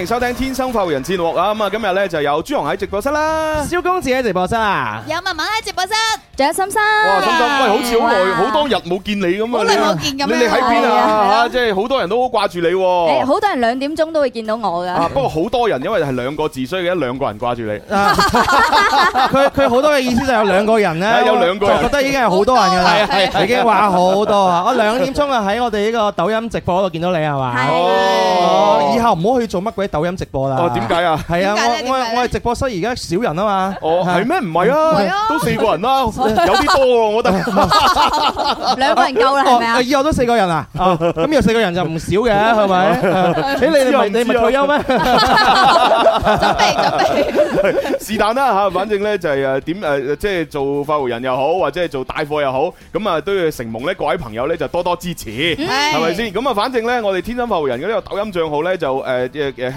歡迎收聽《天生發福人誌錄》啊！咁啊，今日咧就有朱紅喺直播室啦，蕭公子喺直播室啊，有文文喺直播室，仲有心心。哇，心心，喂，好似好耐好多日冇見你咁啊！好耐冇見咁樣，你你喺邊啊？吓，即係好多人都好掛住你。誒，好多人兩點鐘都會見到我噶。啊，不過好多人因為係兩個字，所以一兩個人掛住你。佢佢好多嘅意思就有兩個人咧，有兩個人，覺得已經係好多人噶啦，係已經話好多啊！我兩點鐘啊喺我哋呢個抖音直播嗰度見到你係嘛？係，以後唔好去做乜鬼。抖音直播啦？哦，點解啊？係啊，我我我係直播室而家少人啊嘛。哦，係咩？唔係啊，都四個人啦，有啲多啊，我覺得。兩個人夠啦，係咪啊？以後都四個人啊？咁以四個人就唔少嘅，係咪？你你咪退休咩？準備準備。是但啦吓，反正咧就係誒點誒，即係做發戶人又好，或者係做帶貨又好，咁啊都要承蒙呢各位朋友咧就多多支持，係咪先？咁啊，反正咧我哋天生發戶人嘅呢個抖音賬號咧就誒。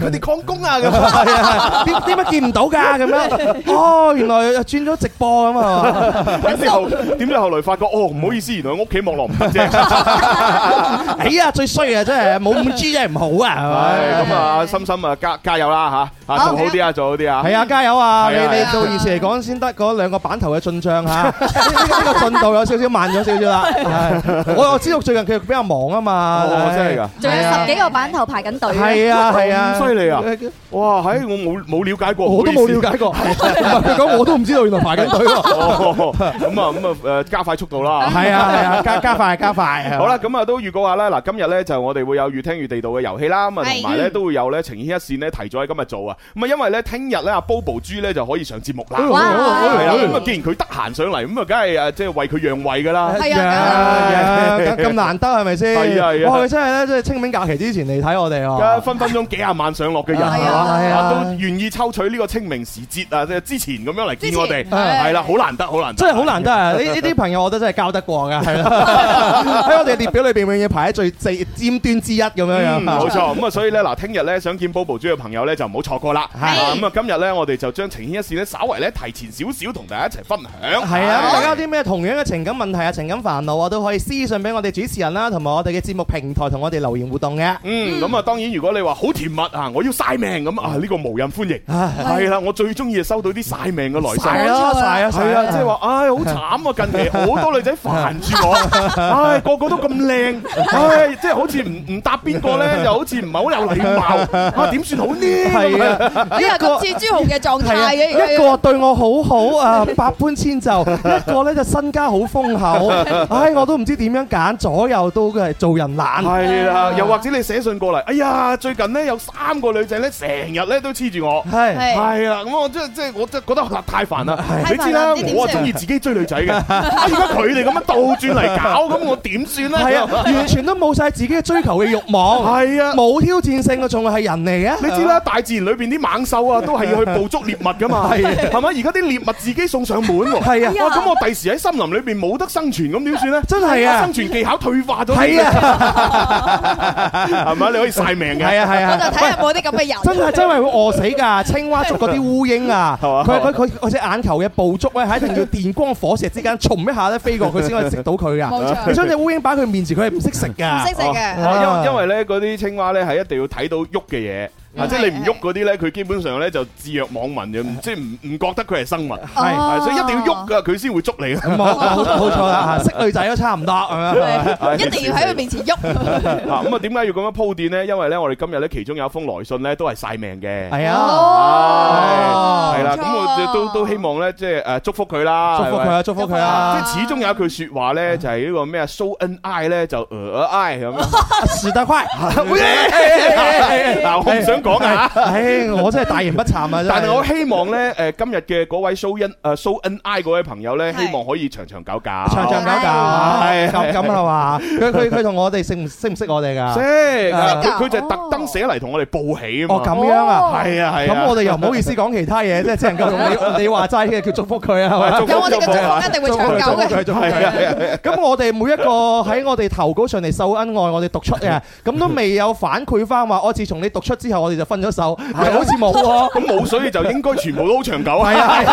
佢哋曠工啊咁，係啊，點點解見唔到噶咁樣？哦，原來轉咗直播啊嘛！點知後點知後來發覺哦，唔好意思，原來我屋企網絡唔正。哎呀，最衰啊，真係冇五 G 真係唔好啊！咁啊，心心啊，加加油啦吓，做好啲啊，做好啲啊！係啊，加油啊！你你到現時嚟講先得嗰兩個版頭嘅進賬吓，呢個進度有少少慢咗少少啦。我我知道最近佢比較忙啊嘛，真係噶！仲有十幾個版頭排緊隊。係啊係啊。嚟啊！哇，喺我冇冇了解過，我都冇了解過。咁我都唔知道，原來排緊隊咯。咁啊，咁啊，誒加快速度啦！係啊，係啊，加加快加快。好啦，咁啊都預告下啦。嗱，今日咧就我哋會有悅聽粵地道嘅遊戲啦。係啊，同埋咧都會有咧情牽一線咧提早喺今日做啊。咁啊，因為咧聽日咧阿 BoBo 豬咧就可以上節目啦。係啦，咁啊既然佢得閒上嚟，咁啊梗係誒即係為佢讓位㗎啦。係啊，係啊，咁難得係咪先？係啊，哇！真係咧，即係清明假期之前嚟睇我哋哦。分分鐘幾廿萬。上落嘅人係啊，都願意抽取呢個清明時節啊，即係之前咁樣嚟見我哋，係啦，好難得，好難得，真係好難得啊！呢呢啲朋友，我都真係交得過噶。喺我哋列表裏邊，永遠排喺最尖端之一咁樣樣。冇錯，咁啊，所以咧嗱，聽日咧想見 Bobo 豬嘅朋友咧，就唔好錯過啦。係咁啊，今日咧我哋就將情牽一線咧，稍微咧提前少少同大家一齊分享。係啊，咁大家有啲咩同樣嘅情感問題啊、情感煩惱啊，都可以私信俾我哋主持人啦，同埋我哋嘅節目平台同我哋留言互動嘅。嗯，咁啊，當然如果你話好甜蜜啊～我要嘥命咁啊！呢個無人歡迎，係啦，我最中意係收到啲嘥命嘅來信，係啊，即係話，唉，好慘啊！近期好多女仔煩住我，唉，個個都咁靚，唉，即係好似唔唔答邊個咧，又好似唔係好有禮貌，啊點算好呢？呢個赤珠紅嘅狀態嘅，一個對我好好啊，百般遷就，一個咧就身家好豐厚，唉，我都唔知點樣揀，左右都係做人難。係啦，又或者你寫信過嚟，哎呀，最近咧有三。個女仔咧，成日咧都黐住我，係係啊，咁我即係即係，我真係覺得太煩啦。你知啦，我係中意自己追女仔嘅，而家佢哋咁樣倒轉嚟搞，咁我點算咧？係啊，完全都冇晒自己嘅追求嘅慾望。係啊，冇挑戰性嘅，仲係人嚟嘅。你知啦，大自然裏邊啲猛獸啊，都係要去捕捉獵物噶嘛，係咪。而家啲獵物自己送上門喎。係啊，哇！咁我第時喺森林裏邊冇得生存，咁點算咧？真係啊，生存技巧退化咗。係啊，係咪？你可以晒命嘅。係啊，係啊。我就睇。嗰啲咁嘅人真，真係真係會餓死㗎！ 青蛙捉嗰啲烏蠅啊，佢佢佢隻眼球嘅捕捉咧係一定要電光火石之間，從一下咧飛過佢先可以食到佢㗎。冇錯，你將隻烏蠅擺佢面前，佢係唔識食㗎，唔識食嘅，因為因為咧嗰啲青蛙咧係一定要睇到喐嘅嘢。即係你唔喐嗰啲咧，佢基本上咧就置若罔聞嘅，即係唔唔覺得佢係生物，係，所以一定要喐噶，佢先會捉你。冇錯，冇錯，識女仔都差唔多，係咪啊？一定要喺佢面前喐。嗱，咁啊，點解要咁樣鋪墊呢？因為咧，我哋今日咧其中有一封來信咧，都係晒命嘅。係啊，係啦，咁我都都希望咧，即係誒，祝福佢啦，祝福佢啊，祝福佢啊！即係始終有一句說話咧，就係呢個咩啊，收恩愛咧就額愛，係咪啊？死得快，嗱，我想。講啊！唉，我真係大言不慚啊！但係我希望咧，誒今日嘅嗰位蘇恩誒蘇恩 I 嗰位朋友咧，希望可以長長久久，長長久久，係咁啊嘛！佢佢佢同我哋識唔識唔識我哋噶？識，佢就特登寫嚟同我哋報喜啊嘛！哦，咁樣啊，係啊係啊！咁我哋又唔好意思講其他嘢，即係只能夠你你話齋嘅叫祝福佢啊，係咪？有我哋嘅祝福一定會長久嘅。咁我哋每一個喺我哋投稿上嚟秀恩愛，我哋讀出嘅，咁都未有反饋翻話，我自從你讀出之後，就分咗手，又好似冇咁冇，所以就應該全部都好長久。係啊，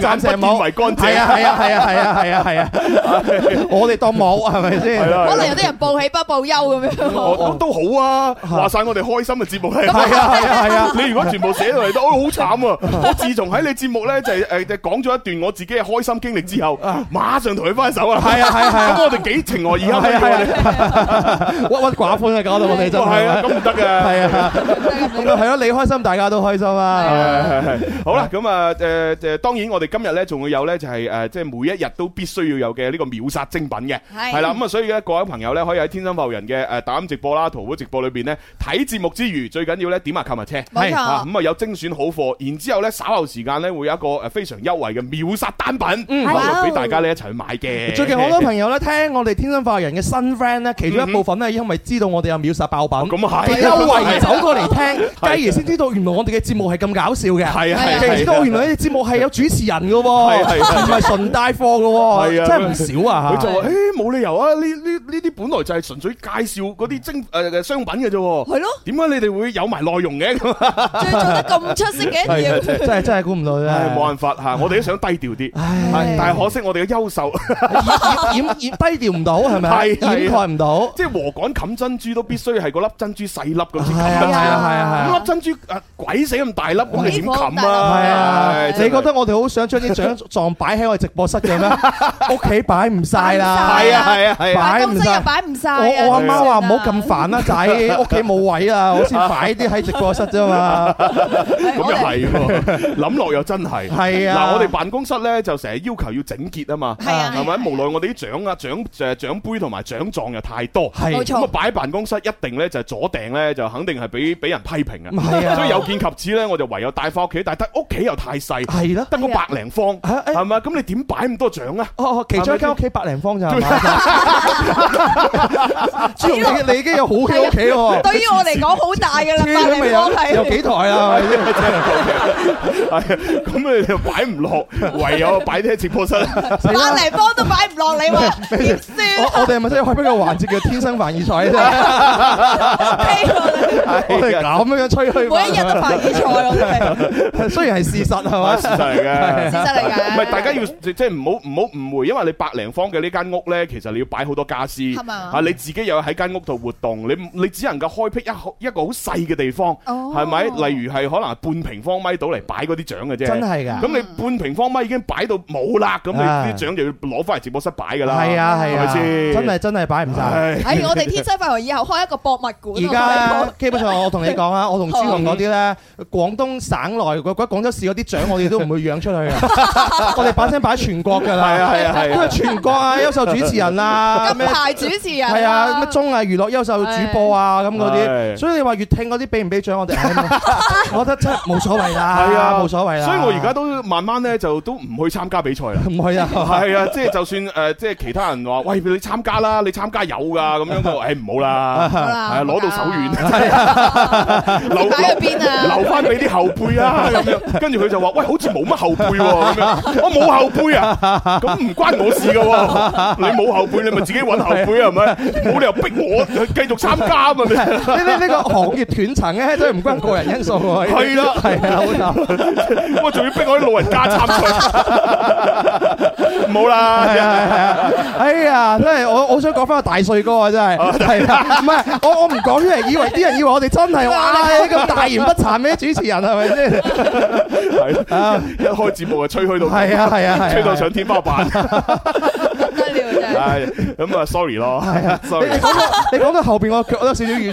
暫時冇，認為乾淨。係啊，係啊，係啊，係啊，係啊，我哋當冇，係咪先？可能有啲人報喜不報憂咁樣。都好啊，話晒我哋開心嘅節目嚟。係啊，係啊，係啊。你如果全部寫落嚟都好慘啊！我自從喺你節目咧，就誒講咗一段我自己嘅開心經歷之後，馬上同你分手啊！係啊，係啊，係啊。咁我哋幾情何以堪啊？係啊，係啊，鬱鬱寡歡啊，搞到～我哋就係啦，咁唔得嘅。係啊，係啊，你開心，大家都開心啊。好啦，咁啊誒誒，當然我哋今日咧仲會有咧就係誒，即係每一日都必須要有嘅呢個秒殺精品嘅。係。係啦，咁啊，所以咧各位朋友咧可以喺天生發人嘅誒抖音直播啦、淘寶直播裏邊咧睇節目之餘，最緊要咧點下購物車。冇錯。咁啊有精選好貨，然之後咧稍後時間咧會有一個誒非常優惠嘅秒殺單品，嗯，俾大家咧一齊去買嘅。最近好多朋友咧聽我哋天生發人嘅新 friend 咧，其中一部分咧因為知道我哋有秒。實爆品，優惠走過嚟聽，繼而先知道原來我哋嘅節目係咁搞笑嘅，係啊，知道原來你哋節目係有主持人嘅喎，唔係純帶貨嘅喎，係啊，真係唔少啊！佢就話，誒，冇理由啊！呢呢呢啲本來就係純粹介紹嗰啲精誒誒商品嘅啫，係咯？點解你哋會有埋內容嘅？做得咁出色嘅嘢，真係真係估唔到嘅，冇辦法嚇，我哋都想低調啲，係，但係可惜我哋嘅優秀掩掩掩掩低調唔到係咪？掩蓋唔到，即係禾稈冚珍珠都必須。所以係嗰粒珍珠細粒咁，咁樣係啊係啊係啊，嗰粒珍珠誒鬼死咁大粒，你點冚啊？係啊，你覺得我哋好想將啲獎狀擺喺我哋直播室嘅咩？屋企擺唔晒啦，係啊係啊係啊，辦公室又擺唔晒。我我阿媽話唔好咁煩啦，仔屋企冇位啊，我先擺啲喺直播室啫嘛。咁又係，諗落又真係。係啊，嗱，我哋辦公室咧就成日要求要整潔啊嘛，係咪？無奈我哋啲獎啊獎誒獎杯同埋獎狀又太多，係冇錯。咁啊擺喺辦公室一。定咧就係左訂咧就肯定係俾俾人批評啊，所以有見及此咧，我就唯有帶翻屋企，但係得屋企又太細，係咯，得個百零方，係咪，咁你點擺咁多獎啊？哦，其中一間屋企百零方就朱紅，你你已經有好嘅屋企喎，對於我嚟講好大嘅啦，百零方係有幾台啊？係咁你又擺唔落，唯有擺啲喺直播室啦，百零方都擺唔落，你話點算？我哋係咪真係開呢個環節叫天生凡爾賽啫？O.K. 我哋咁樣樣吹去，每一日都發現錯，我都明。雖然係事實係嘛？事實嚟嘅，事實嚟嘅。唔係大家要即係唔好唔好誤會，因為你百零方嘅呢間屋咧，其實你要擺好多傢俬係嘛，你自己又喺間屋度活動，你你只能夠開闢一一個好細嘅地方，係咪？例如係可能半平方米到嚟擺嗰啲獎嘅啫。真係㗎。咁你半平方米已經擺到冇啦，咁你啲獎就要攞翻嚟直播室擺㗎啦。係啊係啊，係咪先？真係真係擺唔晒！喺我哋天際快活以後開個博物館，而家基本上我同你講啊，我同朱紅嗰啲咧，廣東省內，嗰廣州市嗰啲獎我哋都唔會養出去，啊。我哋擺先擺全國噶啦，係啊係啊係啊，因為全國啊優秀主持人啊，金牌主持人係啊，乜綜藝娛樂優秀主播啊咁嗰啲，所以你話悅聽嗰啲俾唔俾獎我哋？我覺得真係冇所謂啦，係啊冇所謂啦，所以我而家都慢慢咧，就都唔去參加比賽啦，唔去啊，係啊，即係就算誒，即係其他人話喂，你參加啦，你參加有噶咁樣，我誒唔好啦。係啊，攞到手軟，留喺入邊啊，留翻俾啲後輩啊。咁樣，跟住佢就話：，喂，好似冇乜後輩喎，我冇後輩啊，咁唔關我事噶。你冇後輩，你咪自己搵後輩啊，係咪？冇理由逼我繼續參加啊嘛。呢呢呢個行業斷層咧，真係唔關個人因素。係啦，係啊，我就我仲要逼我啲老人家參賽。冇唔好啦，係啊，啊 哎呀，真係我我想講翻個大帥哥 啊，真係，係啦，唔係我我唔講出嚟，以為啲人以為我哋真係哇，你咁大言不慚咩？ 主持人係咪先？係 啊，一開節目就吹開到，係啊係啊係，啊啊吹到上天花板。 係咁啊，sorry 咯，係、 哎、啊， 你講到後邊我覺得少少遠咗，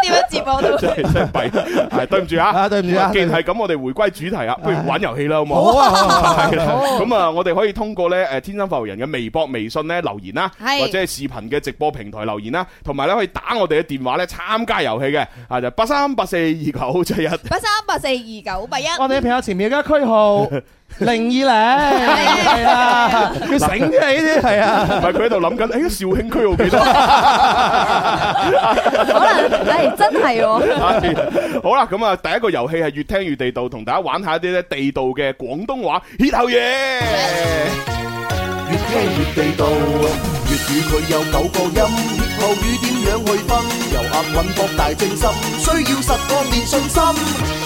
點樣接我都真係真弊，係對唔住啊，對唔住啊，既然係咁，我哋回歸主題啊，不如玩遊戲啦，好冇、 啊？好啊，係啦，咁啊，啊啊 嗯、我哋可以通過咧誒，天生浮人嘅微博、微信咧留言啦，是或者係視頻嘅直播平台留言啦，同埋咧可以打我哋嘅電話咧參加遊戲嘅啊，就八三八四二九八一，八三八四二九八一， 我哋喺屏幕前面嘅區號。 零二零，係啦，要醒啲係啲係啊！唔係佢喺度諗緊，喺肇慶區度記得。可能係真係喎。好啦，咁啊，第一個遊戲係越聽越地道，同大家玩下啲咧地道嘅廣東話歇後語。越聽越地道，粵語佢有九個音，歇後語點樣去分？由押韻、博大、正心，需要十個面信心。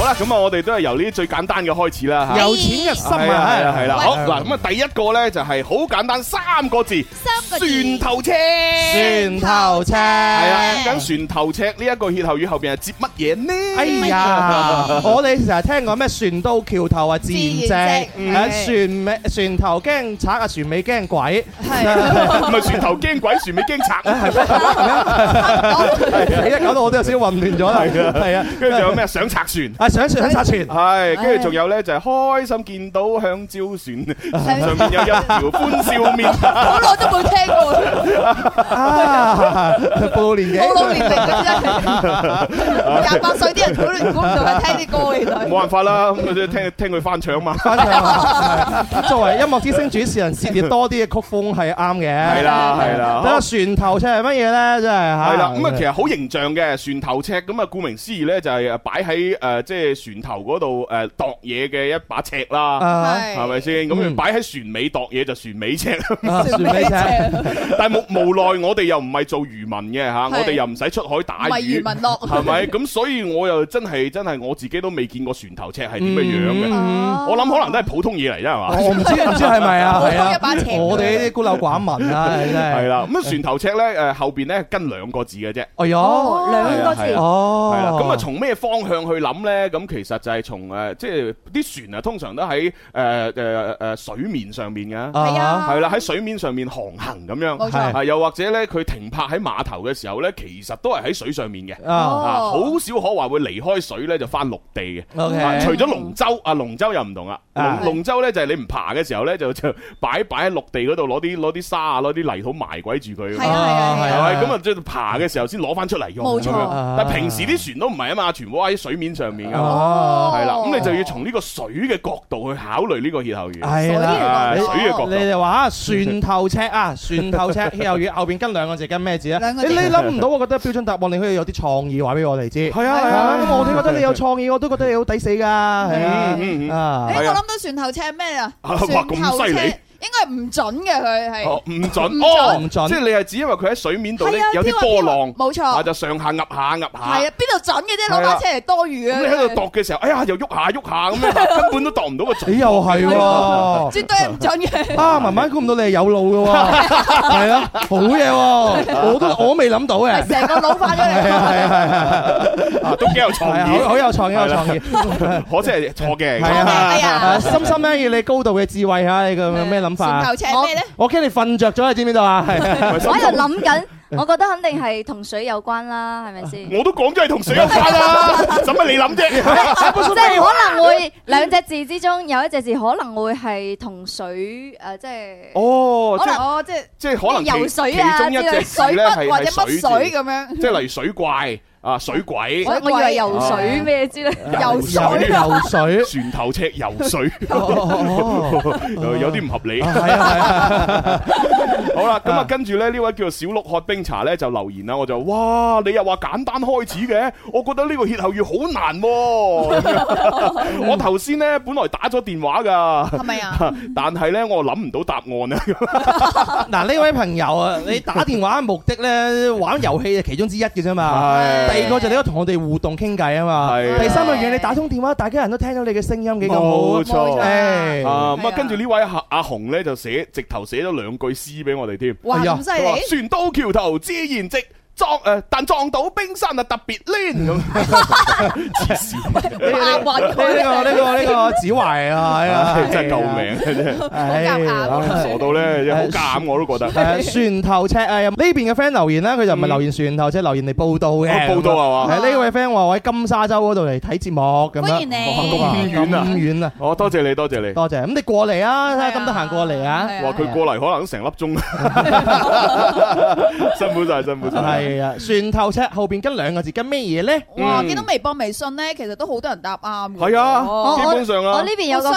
好啦，咁啊，我哋都係由呢啲最簡單嘅開始啦。由淺入深啊，係啦，係啦，好嗱，咁啊，第一個咧就係好簡單，三個字，船頭尺。船頭尺？係啊，咁船頭尺呢一個歇後語後邊係接乜嘢呢？哎呀，我哋成日聽講咩船到橋頭啊自然直，船尾船頭驚賊啊，船尾驚鬼，係咪船頭驚鬼，船尾驚賊？係啊，你一搞到我都有少混亂咗啦，係啊，跟住仲有咩想拆船？上船，係，跟住仲有咧就係開心見到香蕉船，上面有一條歡笑面，好耐都冇聽過。報老年嘅，廿八歲啲人好難估，仲係聽啲歌嚟㗎。冇辦法啦，咁佢聽聽佢翻唱嘛。翻唱，作為音樂之星主持人，涉獵多啲嘅曲風係啱嘅。係啦，係啦。咁啊，船頭尺係乜嘢咧？真係嚇。係啦，咁啊，其實好形象嘅船頭尺，咁啊，顧名思義咧就係擺喺誒。即係船頭嗰度誒，度嘢嘅，一把尺啦，係咪先？咁佢擺喺船尾度嘢，就船尾尺，船尾尺。但係無奈我哋又唔係做漁民嘅，吓，我哋又唔使出海打魚。咪漁民咯，係咪？咁所以我又真係真係我自己都未見過船頭尺係點嘅樣嘅。我諗可能都係普通嘢嚟啫，係嘛？我唔知唔知係咪啊？係一把尺。我哋呢啲孤陋寡聞啊，係真啦。咁船頭尺咧，誒後邊咧跟兩個字嘅啫。哎喲，兩個字。哦，係啦。咁啊，從咩方向去諗咧？咁其實就係從誒，即係啲船啊，通常都喺誒誒誒水面上面嘅，係啊，係啦，喺水面上面航行咁樣，又或者咧佢停泊喺碼頭嘅時候咧，其實都係喺水上面嘅，哦，好少可話會離開水咧就翻陸地嘅，OK，除咗龍舟，啊龍舟又唔同啦，龍龍舟咧就係你唔爬嘅時候咧就就擺擺喺陸地嗰度攞啲攞啲沙啊，攞啲泥土埋鬼住佢，係咁啊？再爬嘅時候先攞翻出嚟用。冇錯，但平時啲船都唔係啊嘛，全部喺水面上面。哦，係啦，咁你就要從呢個水嘅角度去考慮呢個歇後語，係啦，水嘅角。你哋話船頭尺啊，船頭尺歇後語後邊跟兩個字，跟咩字咧？你諗唔到，我覺得標準答案你可以有啲創意，話俾我哋知。係啊係啊，我都覺得你有創意，我都覺得你好抵死噶，係啊。誒，我諗到船頭尺咩啊？咁犀利。應該係唔準嘅佢係，唔準哦，唔準，即係你係只因為佢喺水面度咧有啲波浪，冇錯，就上下揼下揼下。係啊，邊度準嘅啫？攞把車嚟多餘啊。你喺度度嘅時候，哎呀，又喐下喐下咁樣，根本都度唔到個。咦、哎？又係喎，絕對唔準嘅。啊，慢慢估唔到你係有腦嘅喎，係咯 kind of，好嘢喎，like。我都我未諗到嘅。成個老翻嘅人係啊係啊，都幾有創意，好有創意，有創意。可惜係錯嘅，係、evet、啊，心心嘅要你高度嘅智慧嚇，你個咩算夠請你咧，我驚你瞓着咗，喺知邊度啊？我喺度諗緊，我覺得肯定係同水有關啦，係咪先？我都講咗係同水有關啦，做乜你諗啫？即係可能會兩隻字之中有一隻字可能會係同水誒，即係哦，即係即係可能游水啊，水筆或者乜水咁樣，即係例如水怪。啊水鬼，我以為游水咩知咧，游水，游水，船頭尺，游水，有啲唔合理。係啊係啊，好啦，咁啊跟住咧呢位叫做小鹿喝冰茶咧就留言啦，我就哇你又話簡單開始嘅，我覺得呢個歇後語好難。我頭先咧本來打咗電話噶，係咪啊？但係咧我諗唔到答案啊。嗱，呢位朋友啊，你打電話目的咧，玩遊戲係其中之一嘅啫嘛。第二個就你喺度同我哋互動傾偈啊嘛，是第三樣嘢是你打通電話，大家人都聽到你嘅聲音幾咁好，冇錯。咁啊，啊跟住呢位阿阿紅咧就寫直頭寫咗兩句詩俾我哋添，哇嘩，咁犀利！說船到橋頭自然直。撞但撞到冰山啊，特別攣咁。阿允，呢個呢個呢個子華啊，真係救命嘅啫，好傻到咧，好奸，我都覺得。船頭尺啊，呢邊嘅 friend 留言啦，佢就唔係留言船頭尺，留言嚟報道嘅。報道係嘛？呢位 friend 話：我喺金沙洲嗰度嚟睇節目咁樣，咁遠啊，咁遠啊！好多謝你，多謝你，多謝。咁你過嚟啊？咁得閒過嚟啊？話佢過嚟可能成粒鐘。辛苦晒，辛苦晒！係啊，船頭尺後邊跟兩個字，跟咩嘢咧？哇，見到微博、微信咧，其實都好多人答啱嘅。係啊，基本上啊，我呢邊有個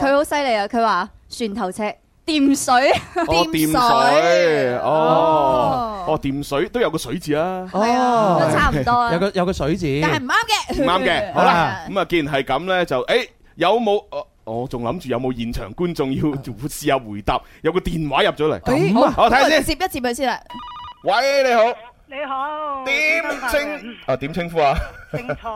佢好犀利啊！佢話船頭尺掂水，掂水哦，哦掂水都有個水字啊，係啊，都差唔多，有個有個水字，但係唔啱嘅，唔啱嘅。好啦，咁啊，既然係咁咧，就誒，有冇我我仲諗住有冇現場觀眾要試下回答？有個電話入咗嚟，好啊，我睇下先，接一接佢先啦。喂，你好。你好，點稱清心啊？點稱呼啊？姓蔡，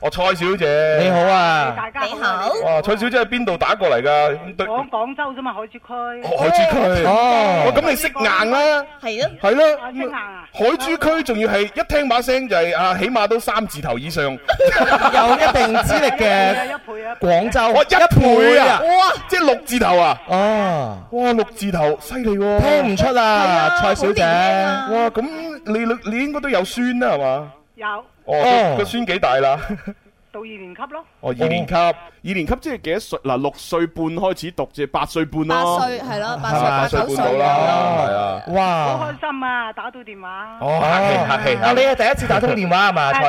哦，蔡小姐，你好啊，大家你好，哇，蔡小姐喺邊度打過嚟噶？我廣州啫嘛，海珠區，海珠區，哦，咁你識硬啦，係咯，係咯，識硬啊，海珠區仲要係一聽把聲就係啊，起碼都三字頭以上，有一定資歷嘅，一倍啊，廣州我一倍啊，哇，即係六字頭啊，啊，哇，六字頭犀利喎，聽唔出啊，蔡小姐，哇，咁你你你應該都有孫啦係嘛？有。哦，個孫、oh. 幾大啦？ 到二年級咯。哦，二年級。Oh. 二年級即係幾多歲？嗱，六歲半開始讀，即係八歲半哦。八歲係咯，八歲半好啦。哇，好開心啊，打到電話。 啊,你係第一次打通電話係嘛,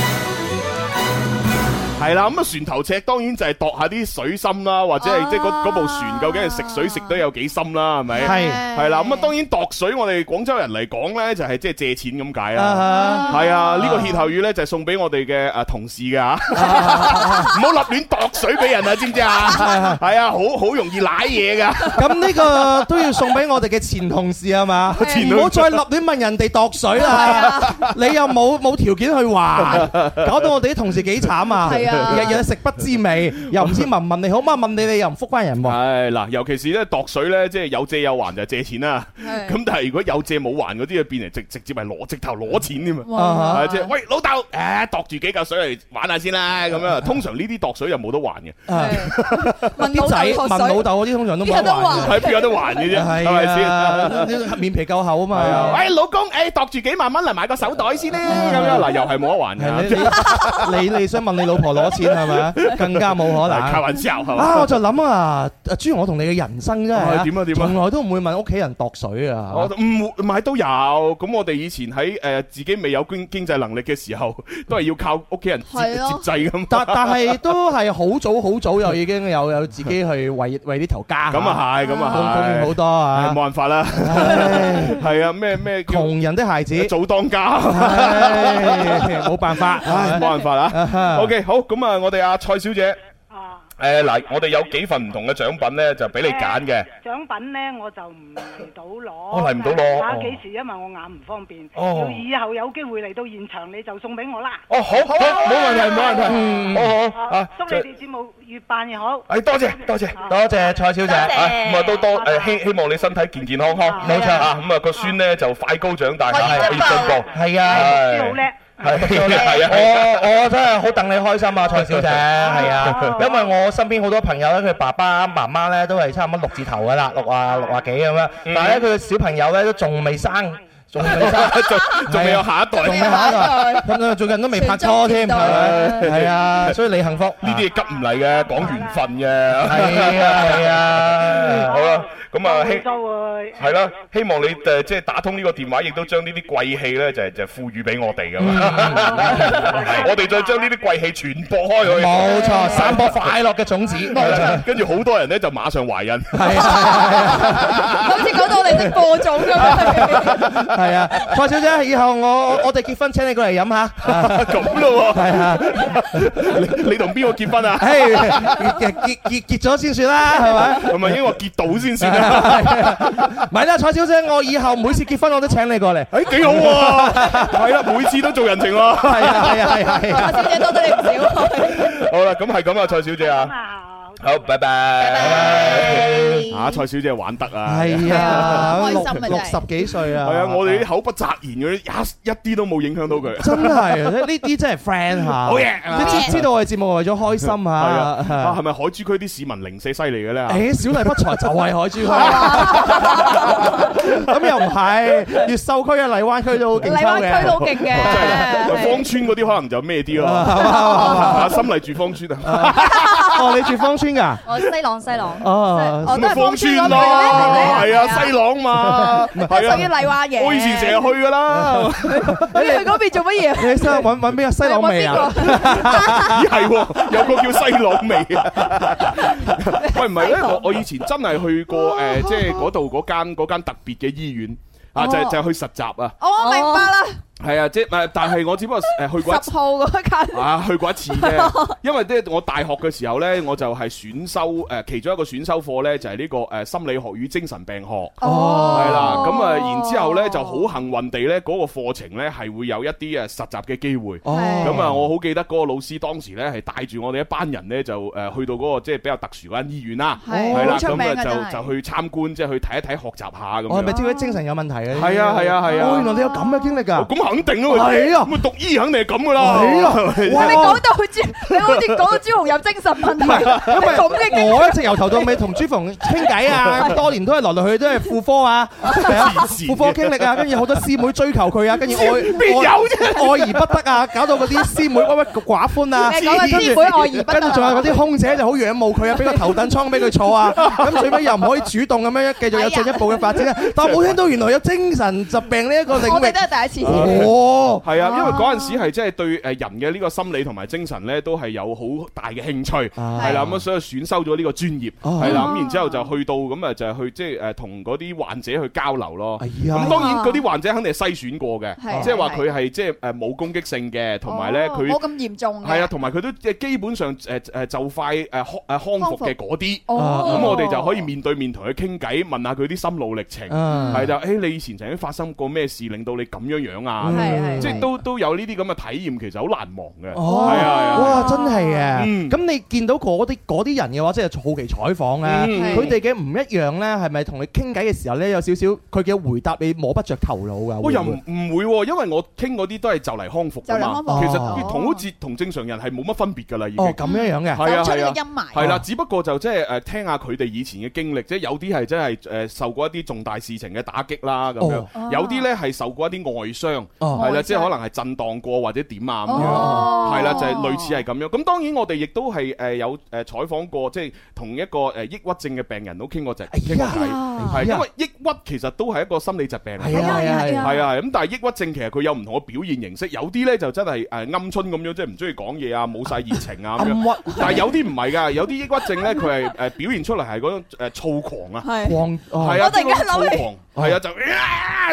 係啦，咁啊船頭尺當然就係度下啲水深啦，或者係即係嗰嗰部船究竟係食水食得有幾深啦，係咪？係係啦，咁啊當然度水我哋廣州人嚟講咧就係即係借錢咁解啦，係啊呢個歇後語咧就送俾我哋嘅啊同事噶吓，唔好立亂度水俾人啊，知唔知啊？係啊，好好容易賴嘢噶。咁呢個都要送俾我哋嘅前同事啊嘛，唔好再立亂問人哋度水啦，你又冇冇條件去還，搞到我哋啲同事幾慘啊！日日食不知味，又唔知問問你好嘛？問你你又唔覆翻人喎。係嗱，尤其是咧，度水咧，即係有借有還就係借錢啦。咁但係如果有借冇還嗰啲，變成直直接係攞直頭攞錢添啊！即係喂老豆，誒度住幾嚿水嚟玩下先啦。咁樣通常呢啲度水又冇得還嘅。問仔問老豆嗰啲通常都冇得還，邊有得還嘅啫？係咪先？面皮夠厚啊嘛！喂老公，誒度住幾萬蚊嚟買個手袋先啦。咁樣嗱又係冇得還嘅。你你想問你老婆老？攞錢係咪啊？更加冇可能。靠揾石油係嘛？啊！我就諗啊，朱華，我同你嘅人生真係點啊點啊！從來都唔會問屋企人度水啊。我唔唔係都有咁，我哋以前喺誒自己未有經經濟能力嘅時候，都係要靠屋企人接接濟咁。但但係都係好早好早又已經有有自己去為為呢頭家。咁啊係，咁啊係。方便好多啊！冇辦法啦，係啊！咩咩窮人的孩子早當家，冇辦法，唉，冇辦法啊！OK，好。咁啊，我哋阿蔡小姐，啊，誒，嗱，我哋有幾份唔同嘅獎品咧，就俾你揀嘅。獎品咧，我就唔到攞，我嚟唔到攞。啊，幾時？因為我眼唔方便。哦。要以後有機會嚟到現場，你就送俾我啦。哦，好，好，冇問題，冇問題，好好啊。祝你哋節目越辦越好。哎，多謝，多謝，多謝蔡小姐啊，咁啊，都多誒，希希望你身體健健康康，冇錯啊。咁啊，個孫咧就快高長大，可以進步，係啊。係，我我真係好等你開心啊， 蔡小姐，係 啊， 因為我身邊好多朋友咧，佢爸爸媽媽咧都係差唔多六字頭噶啦，六啊六啊幾咁樣，嗯、但係咧佢嘅小朋友咧都仲未生。仲未有，仲仲未有下一代，仲未下一代。最近都未拍拖添，係咪？係啊，所以你幸福。呢啲嘢急唔嚟嘅，講緣分嘅。係啊，係啊。好啦，咁啊，係啦，希望你誒，即係打通呢個電話，亦都將呢啲貴氣咧，就就賦予俾我哋噶。我哋再將呢啲貴氣傳播開去。冇錯，散播快樂嘅種子。冇錯。跟住好多人咧，就馬上懷孕。係好似講到我哋播種咁。係啊，蔡小姐，以後我我哋結婚請你過嚟飲吓，咁咯喎，係啊，你你同邊個結婚啊？誒，結結結咗先算啦，係咪？唔係應該話結到先算啦，咪啦，蔡小姐，我以後每次結婚我都請你過嚟，誒，幾好喎，係啦，每次都做人情喎，係啊，係啊，係啊，蔡小姐多得你唔少，好啦，咁係咁啊，蔡小姐啊。好，拜拜。拜拜。啊，蔡小姐玩得啊，係啊，開心啊，真係六十幾歲啊。係啊，我哋啲口不擇言嗰啲，一啲都冇影響到佢。真係，呢啲真係 friend 吓。好嘢，你知唔知道我哋節目係為咗開心吓？係啊，係咪海珠區啲市民零舍犀利嘅咧？誒，小麗不才就係海珠區。咁又唔係，越秀區啊，荔灣區都好勁。荔灣區好勁嘅。芳村嗰啲可能就咩啲咯。啊，深嚟住芳村啊？哦，你住芳村。啊！西朗西朗哦，都係芳村咯，係啊，西朗嘛，都屬於荔灣嘅。我以前成日去噶啦，你去嗰邊做乜嘢？你想搵搵咩西朗味啊？咦，係，有個叫西朗味啊！喂，唔係咧，我我以前真係去過誒，即係嗰度嗰間嗰間特別嘅醫院啊，就就去實習啊。我明白啦。係啊，即係，但係我只不過誒去過一次。十號嗰間。啊，去過一次嘅，因為咧我大學嘅時候呢，我就係選修誒其中一個選修課呢，就係呢個誒心理學與精神病學。哦。係啦，咁啊，然之後咧就好幸運地呢，嗰個課程呢係會有一啲誒實習嘅機會。咁啊，我好記得嗰個老師當時呢係帶住我哋一班人呢，就誒去到嗰個即係比較特殊嗰間醫院啦。係。好出名啊！就就去參觀，即係去睇一睇，學習下咁樣。係咪即係精神有問題啊？係啊，係啊，係啊。哦，原來你有咁嘅經歷噶。肯定咯，係啊，咁啊讀醫肯定係咁噶啦，你講到朱，你好似講到朱紅有精神問題，我一直由頭到尾同朱紅傾偈啊，多年都係來來去都係婦科啊，婦科經歷啊，跟住好多師妹追求佢啊，跟住愛愛而不得啊，搞到嗰啲師妹鬱鬱寡歡啊，跟住仲有嗰啲空姐就好仰慕佢啊，俾個頭等艙俾佢坐啊，咁最尾又唔可以主動咁樣繼續有進一步嘅發展啊，但係冇聽到原來有精神疾病呢一個領域，我記得係第一次。哦，係啊，因為嗰陣時係即係對誒人嘅呢個心理同埋精神咧，都係有好大嘅興趣，係啦咁，所以選修咗呢個專業，係啦咁，然之後就去到咁啊，就去即係誒同嗰啲患者去交流咯。咁當然嗰啲患者肯定係篩選過嘅，即係話佢係即係誒冇攻擊性嘅，同埋咧佢冇咁嚴重。係啊，同埋佢都即係基本上誒誒就快誒誒康復嘅嗰啲，咁我哋就可以面對面同佢傾偈，問下佢啲心路歷程，係就誒你以前曾經發生過咩事令到你咁樣樣啊？即係都都有呢啲咁嘅體驗，其實好難忘嘅。係啊，係啊，哇，真係啊！咁你見到嗰啲嗰啲人嘅話，即係好奇採訪咧，佢哋嘅唔一樣咧，係咪同你傾偈嘅時候咧，有少少佢嘅回答你摸不着頭腦㗎？我又唔唔會，因為我傾嗰啲都係就嚟康復嘅嘛。其實同好似同正常人係冇乜分別㗎啦。哦，咁樣樣嘅，散出呢啲陰霾。係啦，只不過就即係誒聽下佢哋以前嘅經歷，即係有啲係真係誒受過一啲重大事情嘅打擊啦咁樣。有啲咧係受過一啲外傷。係啦，即係、oh, 可能係震盪過或者點啊咁樣，係啦就係類似係咁樣。咁當然我哋亦都係誒有誒採訪過，即、就、係、是、同一個誒抑鬱症嘅病人，都傾過偈，傾過偈 Yeah, yeah,。係 yeah, 因為抑鬱其實都係一個心理疾病嚟嘅，係啊係啊係啊係，咁但係抑鬱症其實佢有唔同嘅表現形式，有啲咧就真係誒鵪鶉咁樣，即係唔中意講嘢啊，冇晒熱情啊咁樣。 鬱但係有啲唔係噶，有啲抑鬱症咧，佢係誒表現出嚟係嗰種誒躁狂是、呃、 啊，係我突然間諗起。係啊，就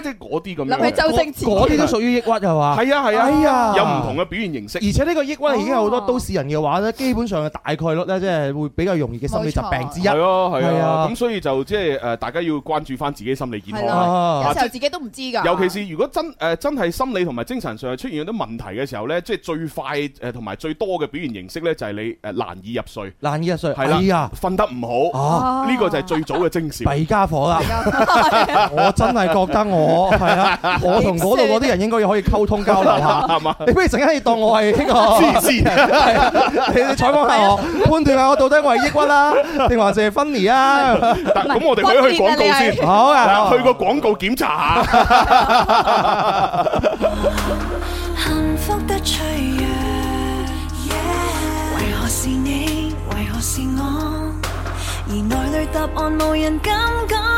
即係啲咁。諗起周星馳，嗰啲都屬於抑鬱啊嘛。係啊係啊，有唔同嘅表現形式。而且呢個抑鬱已經有好多都市人嘅話咧，基本上嘅大概率咧，即係會比較容易嘅心理疾病之一。係啊，係啊，咁所以就即係誒，大家要關注翻自己心理健康。有時候自己都唔知㗎。尤其是如果真誒真係心理同埋精神上出現咗啲問題嘅時候咧，即係最快誒同埋最多嘅表現形式咧，就係你誒難以入睡。難以入睡。係啦。瞓得唔好。啊。呢個就係最早嘅徵兆。弊家伙啦。我真係覺得我係啊，我同嗰度嗰啲人應該可以溝通交流下，係嘛？你不如成日可以當我係呢個主持人，你你採訪下我，判斷下我到底我係抑鬱啦，定還是分裂啊？咁我哋可以去廣告先，好，去個廣告檢查下。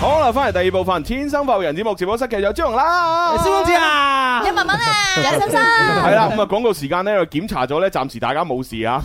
好啦，翻嚟第二部分，《天生發育人》節目直播室嘅就張紅啦，孫公子啊！ 忍先。係啦，咁啊廣告時間咧，又檢查咗咧，暫時大家冇事啊。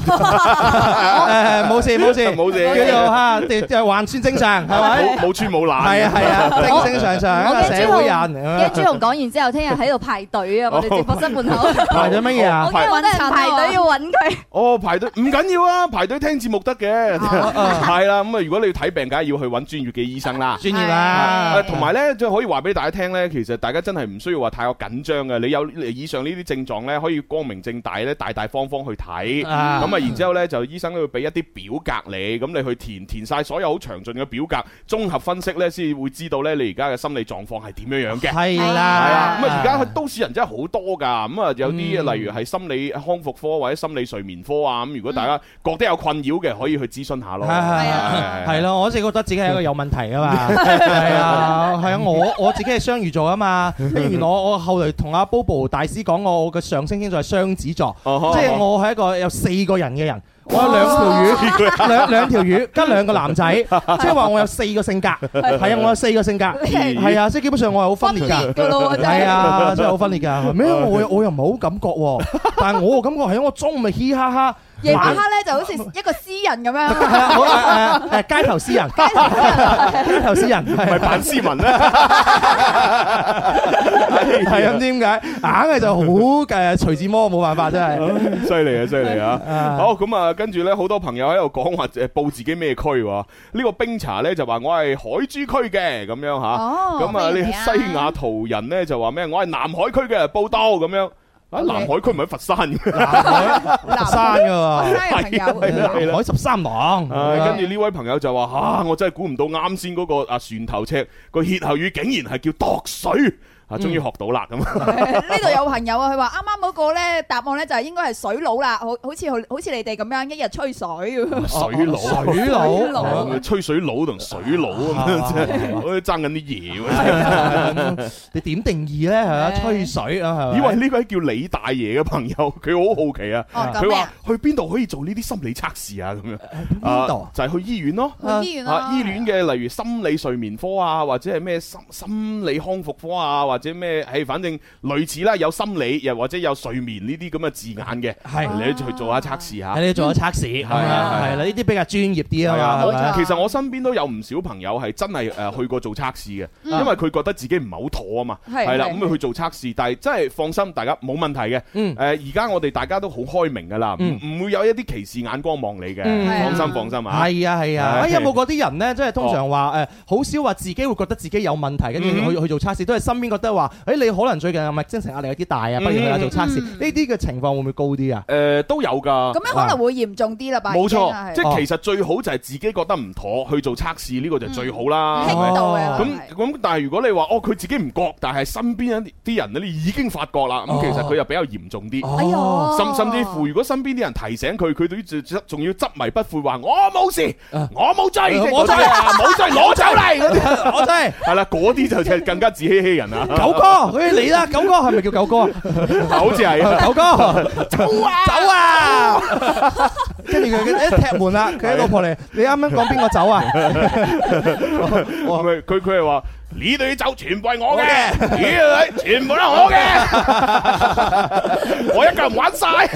冇事冇事冇事，叫做嚇即係還算正常，係咪？冇穿冇爛。係啊係啊，正常正常。我驚朱紅，驚朱紅講完之後，聽日喺度排隊啊！我哋直播室門口排隊咩嘢啊？我驚揾人排隊要揾佢。哦，排隊唔緊要啊，排隊聽節目得嘅。係啦，咁啊，如果你要睇病，梗係要去揾專業嘅醫生啦，專業啦。同埋咧，即可以話俾大家聽咧，其實大家真係唔需要話太過緊張嘅。你有以上呢啲症狀咧，可以光明正大咧，大大方方去睇。咁啊，然之後咧，就醫生咧會俾一啲表格你，咁你去填填晒所有好詳盡嘅表格，綜合分析咧先會知道咧你而家嘅心理狀況係點樣樣嘅。係啦，咁啊而家喺都市人真係好多㗎。咁啊有啲、嗯、例如係心理康復科或者心理睡眠科啊。咁如果大家覺得有困擾嘅，可以去諮詢下咯。係、嗯、啊，係咯，我一直覺得自己係一個有問題㗎嘛。係 啊，係啊，我我自己係雙魚座啊嘛。譬如我我後嚟同阿、啊、Bobo 先講我，我嘅上升星座係雙子座，哦、呵呵即係我係一個有四個人嘅人，哦、我有兩條魚，兩兩條魚，跟兩個男仔，哦、即係話我有四個性格，係啊的的，我有四個性格，係啊、嗯，即係基本上我係好分裂噶，係啊，真係好分裂噶，咩？ 我我又唔係好感覺，但係我嘅感覺係因我中午咪嘻哈哈。夜晚黑咧就好似一個詩人咁樣，係啦、 啊，誒、啊啊啊，街頭詩人， 街頭詩人，街頭詩人，唔係扮斯文咧，係 啊，唔知點解，硬係就好誒，徐志摩冇辦法真係，犀利啊，犀利啊，好咁啊，跟住咧，好多朋友喺度講話誒，報自己咩區哇？呢、啊這個冰茶咧就話我係海珠區嘅，咁樣吓，咁、哦、啊呢西雅圖人咧就話咩？我係南海區嘅報到咁樣。南海區唔係佛山嘅，佛山嘅喎，係 南海十三王。跟住呢位朋友就話：嚇、啊，我真係估唔到啱先嗰個船頭尺、嗰個歇後語，竟然係叫度水。啊，終於學到啦咁。呢、嗯、度有朋友啊，佢話啱啱嗰個咧答案咧就係應該係水佬啦，好好似好好似你哋咁樣一日吹水、啊。水佬，啊、水佬，水佬，吹水佬同水佬啊！爭緊啲嘢你點定義咧嚇？吹水啊，以為呢位叫李大爺嘅朋友，佢好好奇啊。佢話去邊度可以做呢啲心理測試啊？咁樣邊度？就係、是、去醫院咯、啊，醫院咯、啊。醫院嘅例如心理睡眠科啊，podcast, 或者係咩心心理康復科啊，或者咩？係反正類似啦，有心理又或者有睡眠呢啲咁嘅字眼嘅，係你去做下測試下。係你做下測試，係係呢啲比較專業啲咯。啊，我其實我身邊都有唔少朋友係真係誒去過做測試嘅，因為佢覺得自己唔係好妥啊嘛。係啦，咁去去做測試，但係真係放心，大家冇問題嘅。嗯。而家我哋大家都好開明㗎啦，唔唔會有一啲歧視眼光望你嘅。放心，放心啊！係啊，係啊。呀，有冇嗰啲人呢？即係通常話誒，好少話自己會覺得自己有問題，跟住去去做測試，都係身邊個。即係話，誒，你可能最近係咪精神壓力有啲大啊？不如去做測試，呢啲嘅情況會唔會高啲啊？誒，都有噶，咁樣可能會嚴重啲啦，吧？冇錯，即係其實最好就係自己覺得唔妥去做測試，呢個就最好啦，係咪？咁，咁，但係如果你話哦，佢自己唔覺，但係身邊一啲人呢已經發覺啦，咁其實佢又比較嚴重啲。哎呀，甚甚至乎，如果身邊啲人提醒佢，佢對於仲要執迷不悔，話我冇事，我冇追，我追，冇追，攞走嚟我追，係啦，嗰啲就係更加自欺欺人啦。九哥，佢你啦！ 九哥係咪叫九哥啊？好似係，九哥 走啊，走啊！跟住佢一踢門啦，佢喺老婆嚟，你啱啱講邊個走啊？我係咪，佢佢係話。呢隊酒全部係我嘅，全部都係我嘅，我一個人玩晒，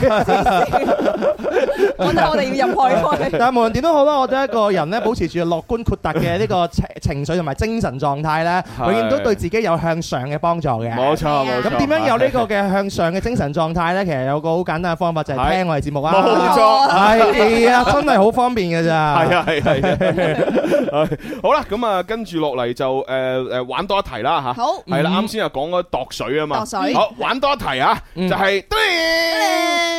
我睇我哋要入去開。但係無論點都好啦，我覺得一個人咧，保持住樂觀豁達嘅呢個情情緒同埋精神狀態咧，永遠都對自己有向上嘅幫助嘅。冇錯，冇錯。咁點樣有呢個嘅向上嘅精神狀態咧？其實有個好簡單嘅方法就係聽我哋節目啊，冇錯，係啊，真係好方便㗎咋。係啊，係係。好啦，咁啊，跟住落嚟就誒。誒，玩多一題啦吓，好，係啦，啱先又講嗰度水啊嘛，好玩多一題啊，就係對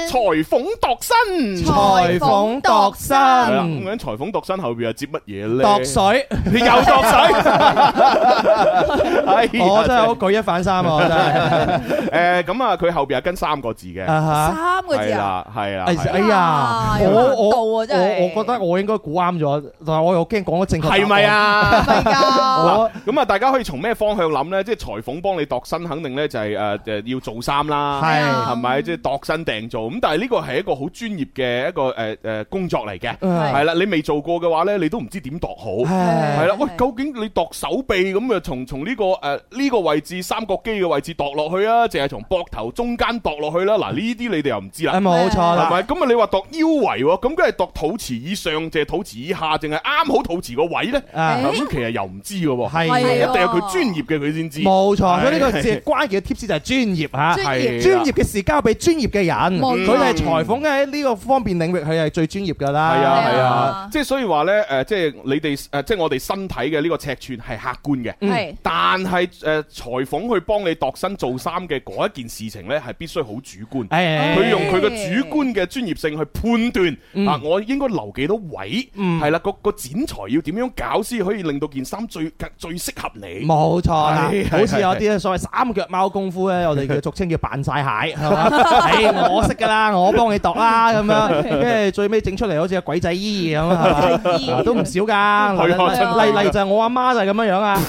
裁縫度身，裁縫度身，咁樣裁縫度身後邊又接乜嘢咧？度水，你又度水，我真係舉一反三啊，真係。誒，咁啊，佢後邊又跟三個字嘅，三個字啦，係啦。哎呀，我我我，我覺得我應該估啱咗，但係我又驚講咗正確，係咪啊？咁啊，大。而家可以從咩方向諗呢？即係裁縫幫你度身，肯定呢就係、是、誒、呃就是、要做衫啦，係係咪？即係、就是、度身訂做。咁但係呢個係一個好專業嘅一個誒誒、呃、工作嚟嘅，係啦是。你未做過嘅話呢，你都唔知點度好。係啦是，喂、哎，究竟你度手臂咁啊？從從呢個誒呢、呃這個位置三角肌嘅位置度落去啊？淨係從膊頭中間度落去啦？嗱，呢啲你哋又唔知啦。冇錯啦。係咁啊？你話、啊嗯、度腰圍喎、啊？咁梗係度肚臍以上，定係肚臍以下？定係啱好肚臍個位呢。咁是、嗯、其實又唔知嘅喎、啊。的一定有佢專業嘅，佢先知。冇錯，佢呢個字關鍵嘅 tips 就係專業嚇。專業嘅事交俾專業嘅人。佢係裁縫喺呢個方面領域，佢係最專業㗎啦。係啊係啊，即係所以話咧誒，即係你哋誒，即係我哋身體嘅呢個尺寸係客觀嘅。但係誒，裁縫去幫你度身做衫嘅嗰一件事情咧，係必須好主觀。佢用佢嘅主觀嘅專業性去判斷啊，我應該留幾多位？嗯。係啦，個個剪裁要點樣搞先可以令到件衫最最適合？冇錯啦，好似有啲咧所謂三腳貓功夫咧，我哋叫俗稱叫扮晒蟹，係嘛？我識噶啦，我幫你度啦咁樣，跟住最尾整出嚟好似個鬼仔衣咁啊，都唔少噶。例例就係我阿媽就係咁樣樣啊，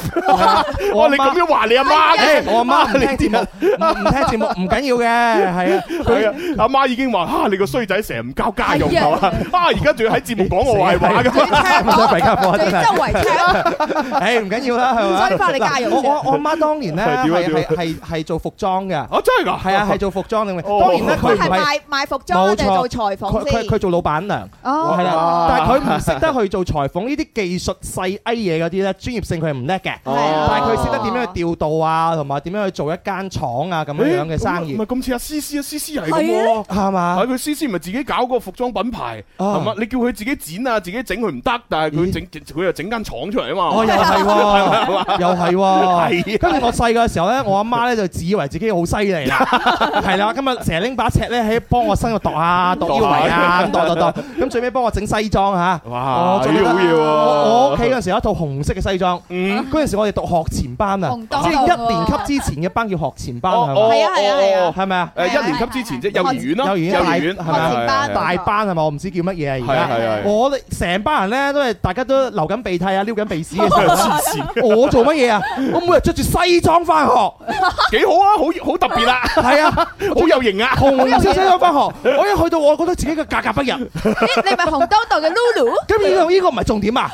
我你咁樣話你阿媽？我阿媽聽節目唔唔聽節目唔緊要嘅，係啊係啊，阿媽已經話吓你個衰仔成日唔交家用，啊而家仲要喺節目講我壞話咁，唔使費心講真係，圍聽咯，誒唔緊要啦。所以翻嚟家用 我我我媽當年咧係係係係做服裝嘅。哦、啊、真係㗎。係啊係做服裝定？哦、當然咧佢唔係賣賣服裝、啊，我錯做裁縫，佢做老闆娘。哦。係啦。但係佢唔識得去做裁縫呢啲技術細埃嘢嗰啲咧，專業性佢係唔叻嘅。哦、但係佢識得點樣去調度啊，同埋點樣去做一間廠啊咁樣樣嘅生意。唔係咁似阿思思啊，思思係㗎喎。係嘛、啊。係佢、啊、思思唔係自己搞嗰個服裝品牌。哦。係嘛。你叫佢自己剪啊，自己整佢唔得，但係佢整佢又整間廠出嚟啊嘛。哦又係喎。又係喎，跟住我細個時候咧，我阿媽咧就自以為自己好犀利啦，係啦，今日成日拎把尺咧喺幫我身度度下，度腰圍啊，咁度度度，咁最尾幫我整西裝吓，哇，好嘢啊！我屋企嗰陣時有一套紅色嘅西裝，嗰陣時我哋讀學前班啊，即係一年級之前嘅班叫學前班啊，係咪啊？誒，一年級之前即幼兒園咯，幼兒園，幼兒園，係咪？大班係咪？我唔知叫乜嘢啊，而家我哋成班人咧都係大家都流緊鼻涕啊，撩緊鼻屎嘅，我。做乜嘢啊？我每日着住西裝翻學，幾好啊！好好特別啊！係啊，好有型啊！紅紅色西裝翻學，我一去到我覺得自己嘅格格不入。你咪紅刀度嘅 Lulu？咁呢個唔係重點啊！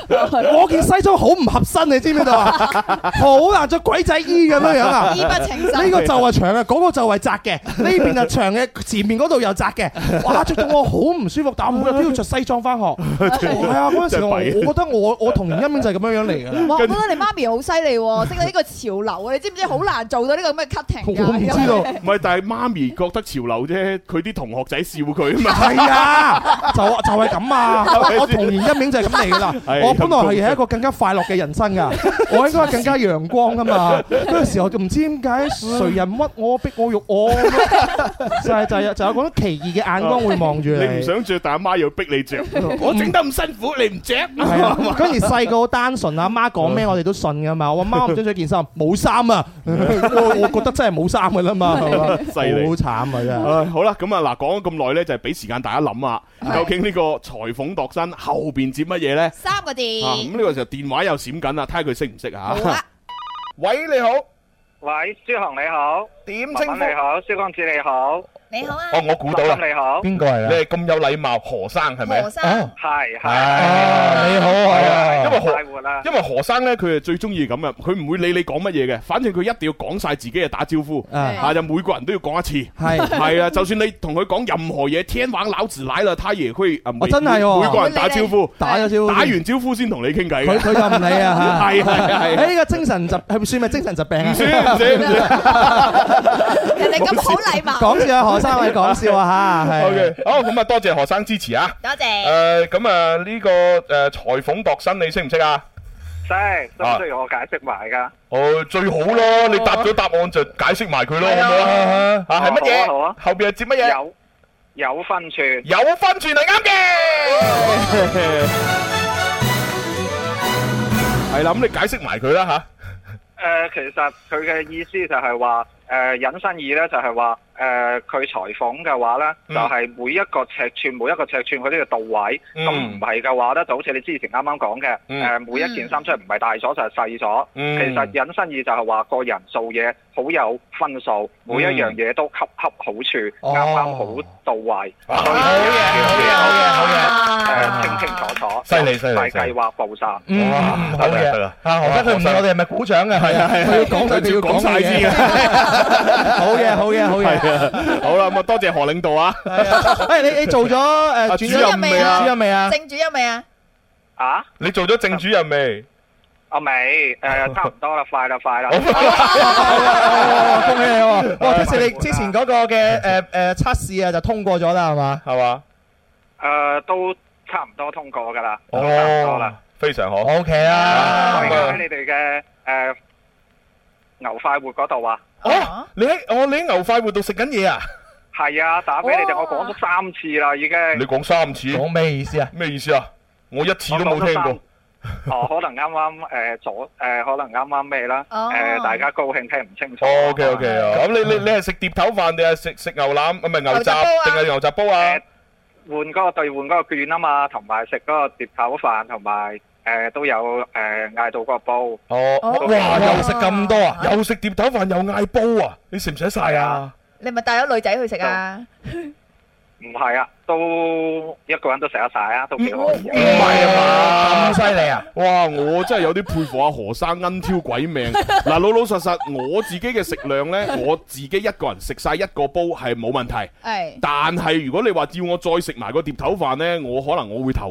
我件西裝好唔合身，你知唔知道啊？好難着鬼仔衣咁樣樣啊！呢個就係長嘅，嗰個就係窄嘅，呢邊就係長嘅，前面嗰度又窄嘅，哇！着到我好唔舒服，但我每日都要着西裝翻學。係啊，嗰陣時我我覺得我我同一面就係咁樣樣嚟嘅。哇！我覺得你媽咪好～犀利喎，識到呢個潮流啊！你知唔知好難做到呢個咁嘅 cutting？我唔知道，唔係，但係媽咪覺得潮流啫，佢啲同學仔笑佢啊嘛。係 啊，就就係、是、咁啊！ 我童年陰影就係咁嚟啦。 我本來係一個更加快樂嘅人生㗎，我應該更加陽光㗎嘛。嗰個 時候就唔知點解，誰人屈我逼我欲我、 就是，就係、是、就係、是、就有嗰種奇異嘅眼光會望住你。你唔想著，但阿媽又要逼你著， 我整得咁辛苦，你唔著。嗰陣時細個好單純啊，阿媽講咩我哋都信㗎。唔係我阿媽，我著著件衫，冇衫啊！我覺得真係冇衫嘅啦嘛，好慘啊真係。好啦，咁啊嗱，講咗咁耐咧，就係俾時間大家諗啊，究竟呢個裁縫度身後邊接乜嘢咧？三個字。咁呢個時候電話又閃緊啦，睇下佢識唔識啊？好啦，喂，你好，喂，朱紅你好，點稱呼？你好，小公子你好。你好啊！哦，我估到啦。你好，邊個嚟咧？你係咁有禮貌，何生係咪？何生係係，你好，係啊。因為何因為何生咧，佢係最中意咁嘅，佢唔會理你講乜嘢嘅，反正佢一定要講晒自己嘅打招呼啊，吓，就每個人都要講一次。係係啊，就算你同佢講任何嘢，天王老子來啦，太爺他也會啊，每每個人打招呼，打咗招呼，打完招呼先同你傾偈。佢佢又唔理啊，係係係。呢個精神疾，係咪算咪精神疾病？唔算唔算，人哋咁好禮貌。講笑啊何。三位講笑啊吓，OK，好咁啊，多謝何生支持啊，多謝，誒，咁啊呢個誒裁縫度身你識唔識啊？識，需唔需要我解釋埋噶？哦，最好咯，你答咗答案就解釋埋佢咯，好唔好啊？係乜嘢？後邊係接乜嘢？有有分寸，有分寸係啱嘅，係啦，咁你解釋埋佢啦吓。誒，其實佢嘅意思就係話。誒引申義咧就係話誒佢裁縫嘅話咧，就係每一個尺寸每一個尺寸佢都要到位。咁唔係嘅話咧，就好似你之前啱啱講嘅誒，每一件衫出嚟唔係大咗就係細咗。其實引申義就係話個人做嘢好有分數，每一樣嘢都恰恰好處，啱啱好到位。好嘅好嘅好嘅好嘅，誒清清楚楚，犀利犀利。大計劃布衫，好嘅好嘅嚇，何我哋係咪鼓掌嘅？係啊係啊，佢講就照講曬啲嘅。好嘅，好嘅，好嘅，好啦，咁啊多謝何領導啊！誒，你你做咗誒，主任未啊？主任未啊？正主任未啊？啊？你做咗正主任未？阿美誒，差唔多啦，快啦，快啦！恭喜你！哇，即係你之前嗰個嘅誒誒測試啊，就通過咗啦，係嘛，係嘛？誒，都差唔多通過噶啦，差唔多啦，非常好，OK 啊！喺你哋嘅誒牛快活嗰度啊！啊、哦，你喺我你喺牛快活度食緊嘢啊！係啊，打俾你哋我講咗三次啦，已經。你講三次，講咩意思啊？咩意思啊？我一次都冇聽過。 哦，可能啱啱誒左誒、呃，可能啱啱咩啦？誒、哦呃，大家高興聽唔清楚、啊哦。OK OK 啊、哦，咁、嗯、你你你係食碟頭飯定係食食牛腩？係咪牛雜定係牛雜煲啊？換嗰、啊啊、個兌換嗰個券啊嘛，同埋食嗰個碟頭飯，同埋。誒、呃，都有誒，嗌、呃、到個煲哦，哇，又食咁多啊，又食碟頭飯，又嗌煲啊，你食唔食晒啊？你咪帶咗女仔去食啊？唔係啊。 都一個人都食得晒啊，都幾好。唔係啊嘛，咁犀利啊！哇，我真係有啲佩服啊何生，恩挑鬼命。嗱，老老實實我自己嘅食量呢，我自己一個人食晒一個煲係冇問題。係，但係如果你話叫我再食埋個碟頭飯呢，我可能我會投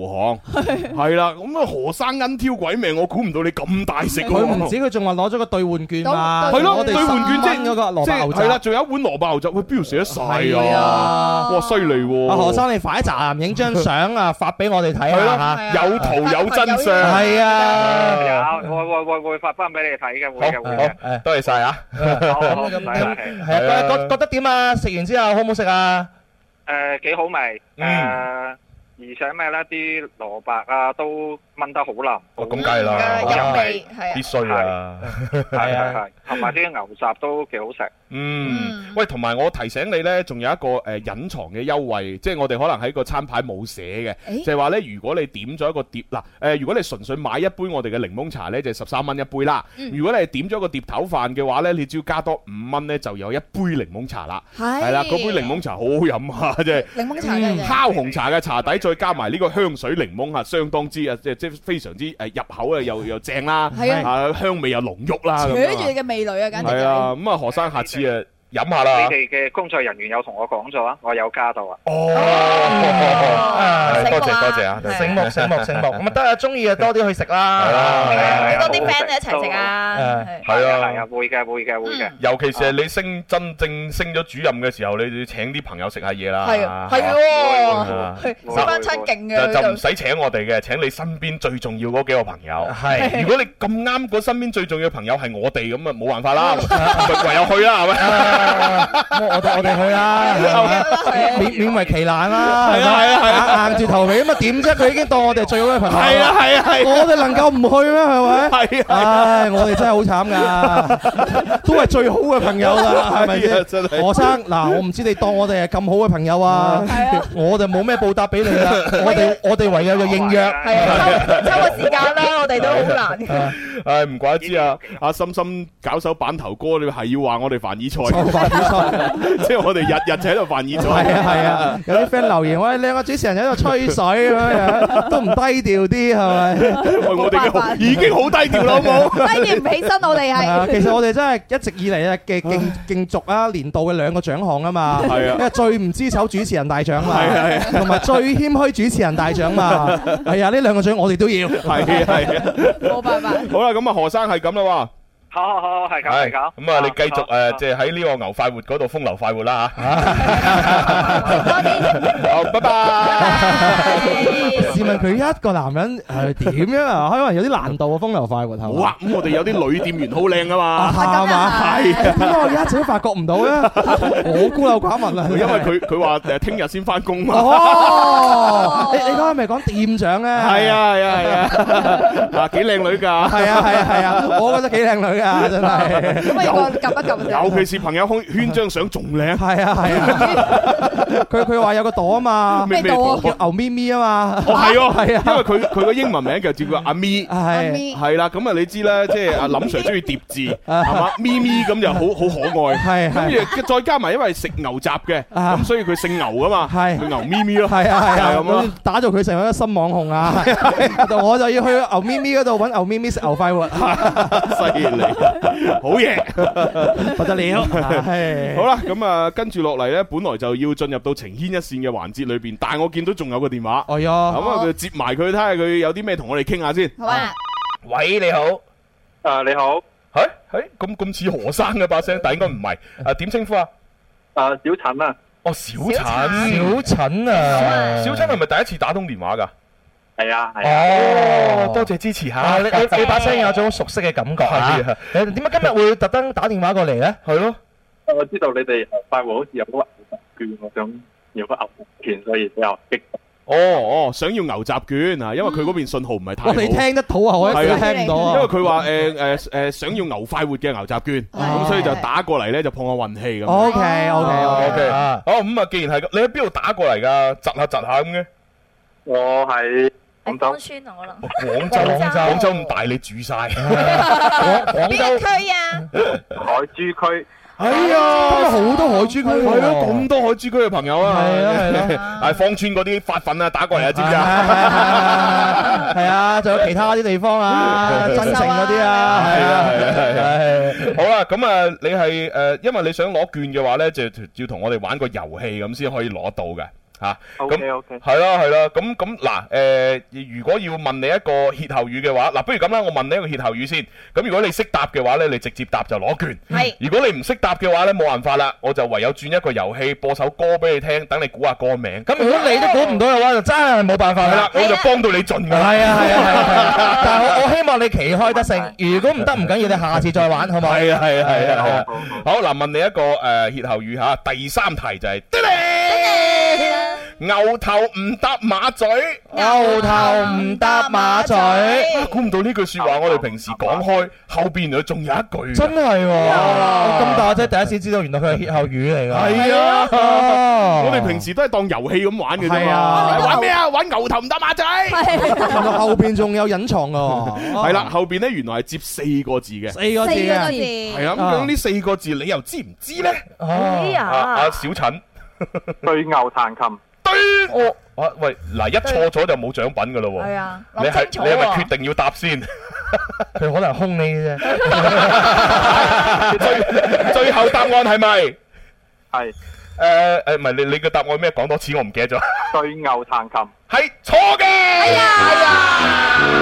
降。係啦，咁啊何生恩挑鬼命，我估唔到你咁大食。佢唔止，佢仲話攞咗個兌換券嘛。係咯，兌換券即係嗰個羅即係係啦，仲有一碗蘿蔔牛雜，佢邊度食得晒啊？哇，犀利！何你快啲站影張相啊，發俾我哋睇咯吓，有圖有真相。係啊，會會會會發翻俾你睇嘅，會嘅，好，多謝晒吓，好，咁咁，係啊，覺覺得點啊？食完之後好唔好食啊？誒，幾好味，誒。而且咩呢啲蘿蔔啊，都炆得好腍。哦，咁梗係啦，入味必須啊，係係係。同埋啲牛雜都幾好食。嗯。喂，同埋我提醒你呢，仲有一個誒隱藏嘅優惠，即係我哋可能喺個餐牌冇寫嘅，就係話呢：如果你點咗一個碟嗱，誒，如果你純粹買一杯我哋嘅檸檬茶呢，就十三蚊一杯啦。如果你係點咗個碟頭飯嘅話呢，你只要加多五蚊呢，就有一杯檸檬茶啦。係。係啦，嗰杯檸檬茶好好飲啊！即係檸檬茶嘅烤紅茶嘅茶底。再加埋呢個香水檸檬嚇、啊，相當之啊，即係即係非常之誒、啊、入口啊，又又正啦，係啊，啊，香味又濃郁啦，扯住你嘅味蕾啊，簡直係。咁啊，何、啊、生下次啊。飲下啦！你哋嘅工作人員有同我講咗啊，我有加到啊！哦，多謝多謝啊！醒目醒目醒目，咁啊得啊，中意啊多啲去食啦，多啲 friend 一齊食啊！係啊，係啊，會嘅會嘅會嘅，尤其是係你升真正升咗主任嘅時候，你請啲朋友食下嘢啦，係啊，係喎，食翻餐勁嘅就唔使請我哋嘅，請你身邊最重要嗰幾個朋友。係，如果你咁啱個身邊最重要朋友係我哋，咁啊冇辦法啦，唯有去啦，係咪？我哋我哋去啦，勉勉為其難啦，係啊係啊係啊，硬住頭皮咁啊點啫？佢已經當我哋係最好嘅朋友，係啦係啦係，我哋能夠唔去咩？係咪？係啊，唉，我哋真係好慘噶，都係最好嘅朋友啦，係咪先？何生，嗱，我唔知你當我哋係咁好嘅朋友啊，我哋冇咩報答俾你啦，我哋我哋唯有就應約，係啊，抽個時間啦，我哋都好難。唉，唔怪之啊，阿心心搞首板頭歌，你係要話我哋凡爾賽。扮 即係我哋日日就喺度扮演咗。係啊係啊，有啲 friend 留言，喂，兩個主持人喺度吹水咁樣，都唔低調啲係咪？係係 法我哋已經，已經低調好，好低調啦，冇低調唔起身，我哋係。其實我哋真係一直以嚟嘅競競逐啊，年度嘅兩個獎項啊嘛。係啊，因為最唔知醜主持人大獎 啊，同埋、啊啊、最謙虛主持人大獎啊。係啊，呢兩個獎我哋都要。係係、 啊。冇、啊啊、辦法。好啦，咁啊，何生係咁啦喎。好好好，係咁，係咁。咁啊，你繼續誒，即係喺呢個牛快活嗰度風流快活啦嚇。多謝。好，拜拜。試問佢一個男人係點樣啊？可能有啲難度啊，風流快活頭。哇，咁我哋有啲女店員好靚啊嘛。係嘛，係點解我而家一直都發覺唔到咧？我孤陋寡聞啊。因為佢佢話誒聽日先翻工嘛。哦，你你係咪講店長咧？係啊係啊係啊。嗱，幾靚女㗎？係啊係啊係啊，我覺得幾靚女嘅。啊！真係尤其是朋友圈，圈張相仲靚。係啊係啊，佢佢話有個朵啊嘛，咩朵叫牛咪咪啊嘛。哦係啊，因為佢佢個英文名就叫阿咪，係咪係啦，咁啊你知啦，即係阿林 sir 中意疊字係嘛，咪咪咁就好好可愛。係，咁又再加埋因為食牛雜嘅咁，所以佢姓牛噶嘛。係，佢牛咪咪咯係啊係啊，打造佢成為一新網紅啊，我就要去牛咪咪嗰度搵牛咪咪食牛快活。犀利。好嘢，不得了！好啦，咁、嗯、啊，跟住落嚟呢，本來就要進入到情牽一線嘅環節裏邊，但係我見到仲有個電話，哎呀、哦，咁、嗯、啊，接埋佢，睇下佢有啲咩同我哋傾下先。喂，你好，啊，uh, 你好，誒誒，咁咁似何生嘅把聲，但係應該唔係，啊，點稱呼啊？Uh, 小陳啊，oh, 小陳啊，哦，小陳，小陳啊，小陳係咪第一次打通電話噶？係啊，哦，多謝支持吓，你你把聲有種熟悉嘅感覺吓。誒，點解今日會特登打電話過嚟呢？係咯，我知道你哋快活好似有個牛雜券，我想要個牛雜券，所以比較激。哦哦，想要牛雜券啊，因為佢嗰邊信號唔係太好。你聽得到啊，我一啲都聽唔到。因為佢話誒誒誒，想要牛快活嘅牛雜券，咁所以就打過嚟呢，就碰下運氣咁。O K O K O K 啊。哦，咁啊，既然係，你喺邊度打過嚟噶？窒下窒下咁嘅。我喺。廣、哦 right. 州，芳村啊，我諗。廣州，廣州，廣州咁大，你住晒。廣州。邊區啊？海珠區。係啊！好多海珠區。係咯，咁多海珠區嘅朋友啊。係啊！係咯。係芳村嗰啲發奮啊，打過嚟啊知知、哎，知唔知啊？係啊，仲有其他啲地方啊，增城嗰啲啊，係、uh、啊係。好啦，咁啊，你係誒，因為你想攞券嘅話咧，就要同我哋玩個遊戲咁先可以攞到嘅。吓，OK，係啦，係啦，咁咁嗱，誒，如果要問你一個歇後語嘅話，嗱、啊，不如咁啦，我問你一個歇後語先，咁、啊、如果你識答嘅話咧，你直接答就攞券，係，mm. 如果你唔識答嘅話咧，冇辦法啦，我就唯有轉一個遊戲，播首歌俾你聽，等你估下歌名。咁如果你都估唔到嘅話，oh. 就真係冇辦法啦、啊，我就幫到你盡噶啦。係、yeah. 啊，係啊，係啊，但係我我希望你旗開得勝，如果唔得唔緊要，你下次再玩，好嘛？係啊，係啊，係啊，啊，啊，啊，好，嗯、好，嗱、啊啊，問你一個誒歇後語吓、啊，第三題就係、是。牛頭唔搭馬嘴，牛頭唔搭馬嘴。估唔到呢句說話，我哋平時講開後邊仲有一句，真係咁大仔第一次知道，原來佢係歇後語嚟噶。係啊，我哋平時都係當遊戲咁玩嘅。啫！啊，玩咩啊？玩牛頭唔搭馬嘴，後邊仲有隱藏噶。係啦，後邊呢原來係接四個字嘅，四個字啊，係啊，咁講呢四個字你又知唔知咧？哎阿小陳，對牛彈琴。我、啊、喂，嗱一錯咗就冇獎品噶咯，係啊對，你係你係咪決定要答先？佢 可能兇你嘅啫。最最後答案係咪？係是，誒誒、呃，唔、呃、係、呃、你你嘅答案咩？講多次我唔記得咗。對 牛彈琴。係錯嘅。哎呀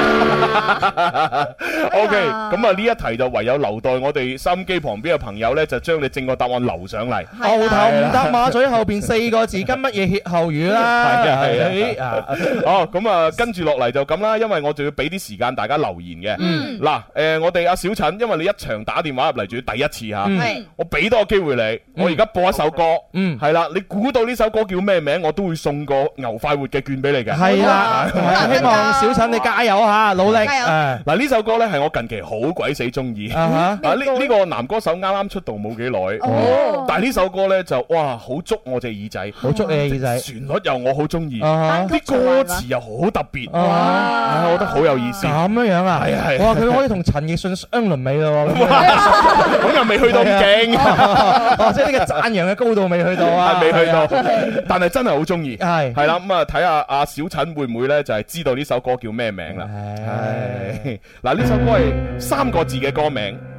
！OK，呀咁啊呢一題就唯有留待我哋收音機旁邊嘅朋友呢，就將你正確答案留上嚟。牛頭唔搭馬嘴後邊四個字，跟乜嘢歇後語啦？係啊係啊。哦，咁啊跟住落嚟就咁啦，因為我就要俾啲時間大家留言嘅。嗱，誒我哋阿小陳，因為你一場打電話入嚟仲要第一次吓，我俾多個機會你。我而家播一首歌，係啦，你估到呢首歌叫咩名？我都會送個牛快活嘅券俾。係啦，希望小陳你加油嚇，努力。嗱，呢首歌咧係我近期好鬼死中意。啊哈，呢呢個男歌手啱啱出道冇幾耐，但係呢首歌咧就哇好捉我隻耳仔，好捉你耳仔。旋律又我好中意，啲歌詞又好特別，我覺得好有意思。咁樣樣啊？係係。哇！佢可以同陳奕迅雙輪美咯，咁又未去到咁勁，或者呢個讚揚嘅高度未去到啊？未去到，但係真係好中意。係係啦，咁啊睇下啊。小陳會唔會咧就係、是、知道呢首歌叫咩名、哎、 啦？嗱，呢首歌係三個字嘅歌名。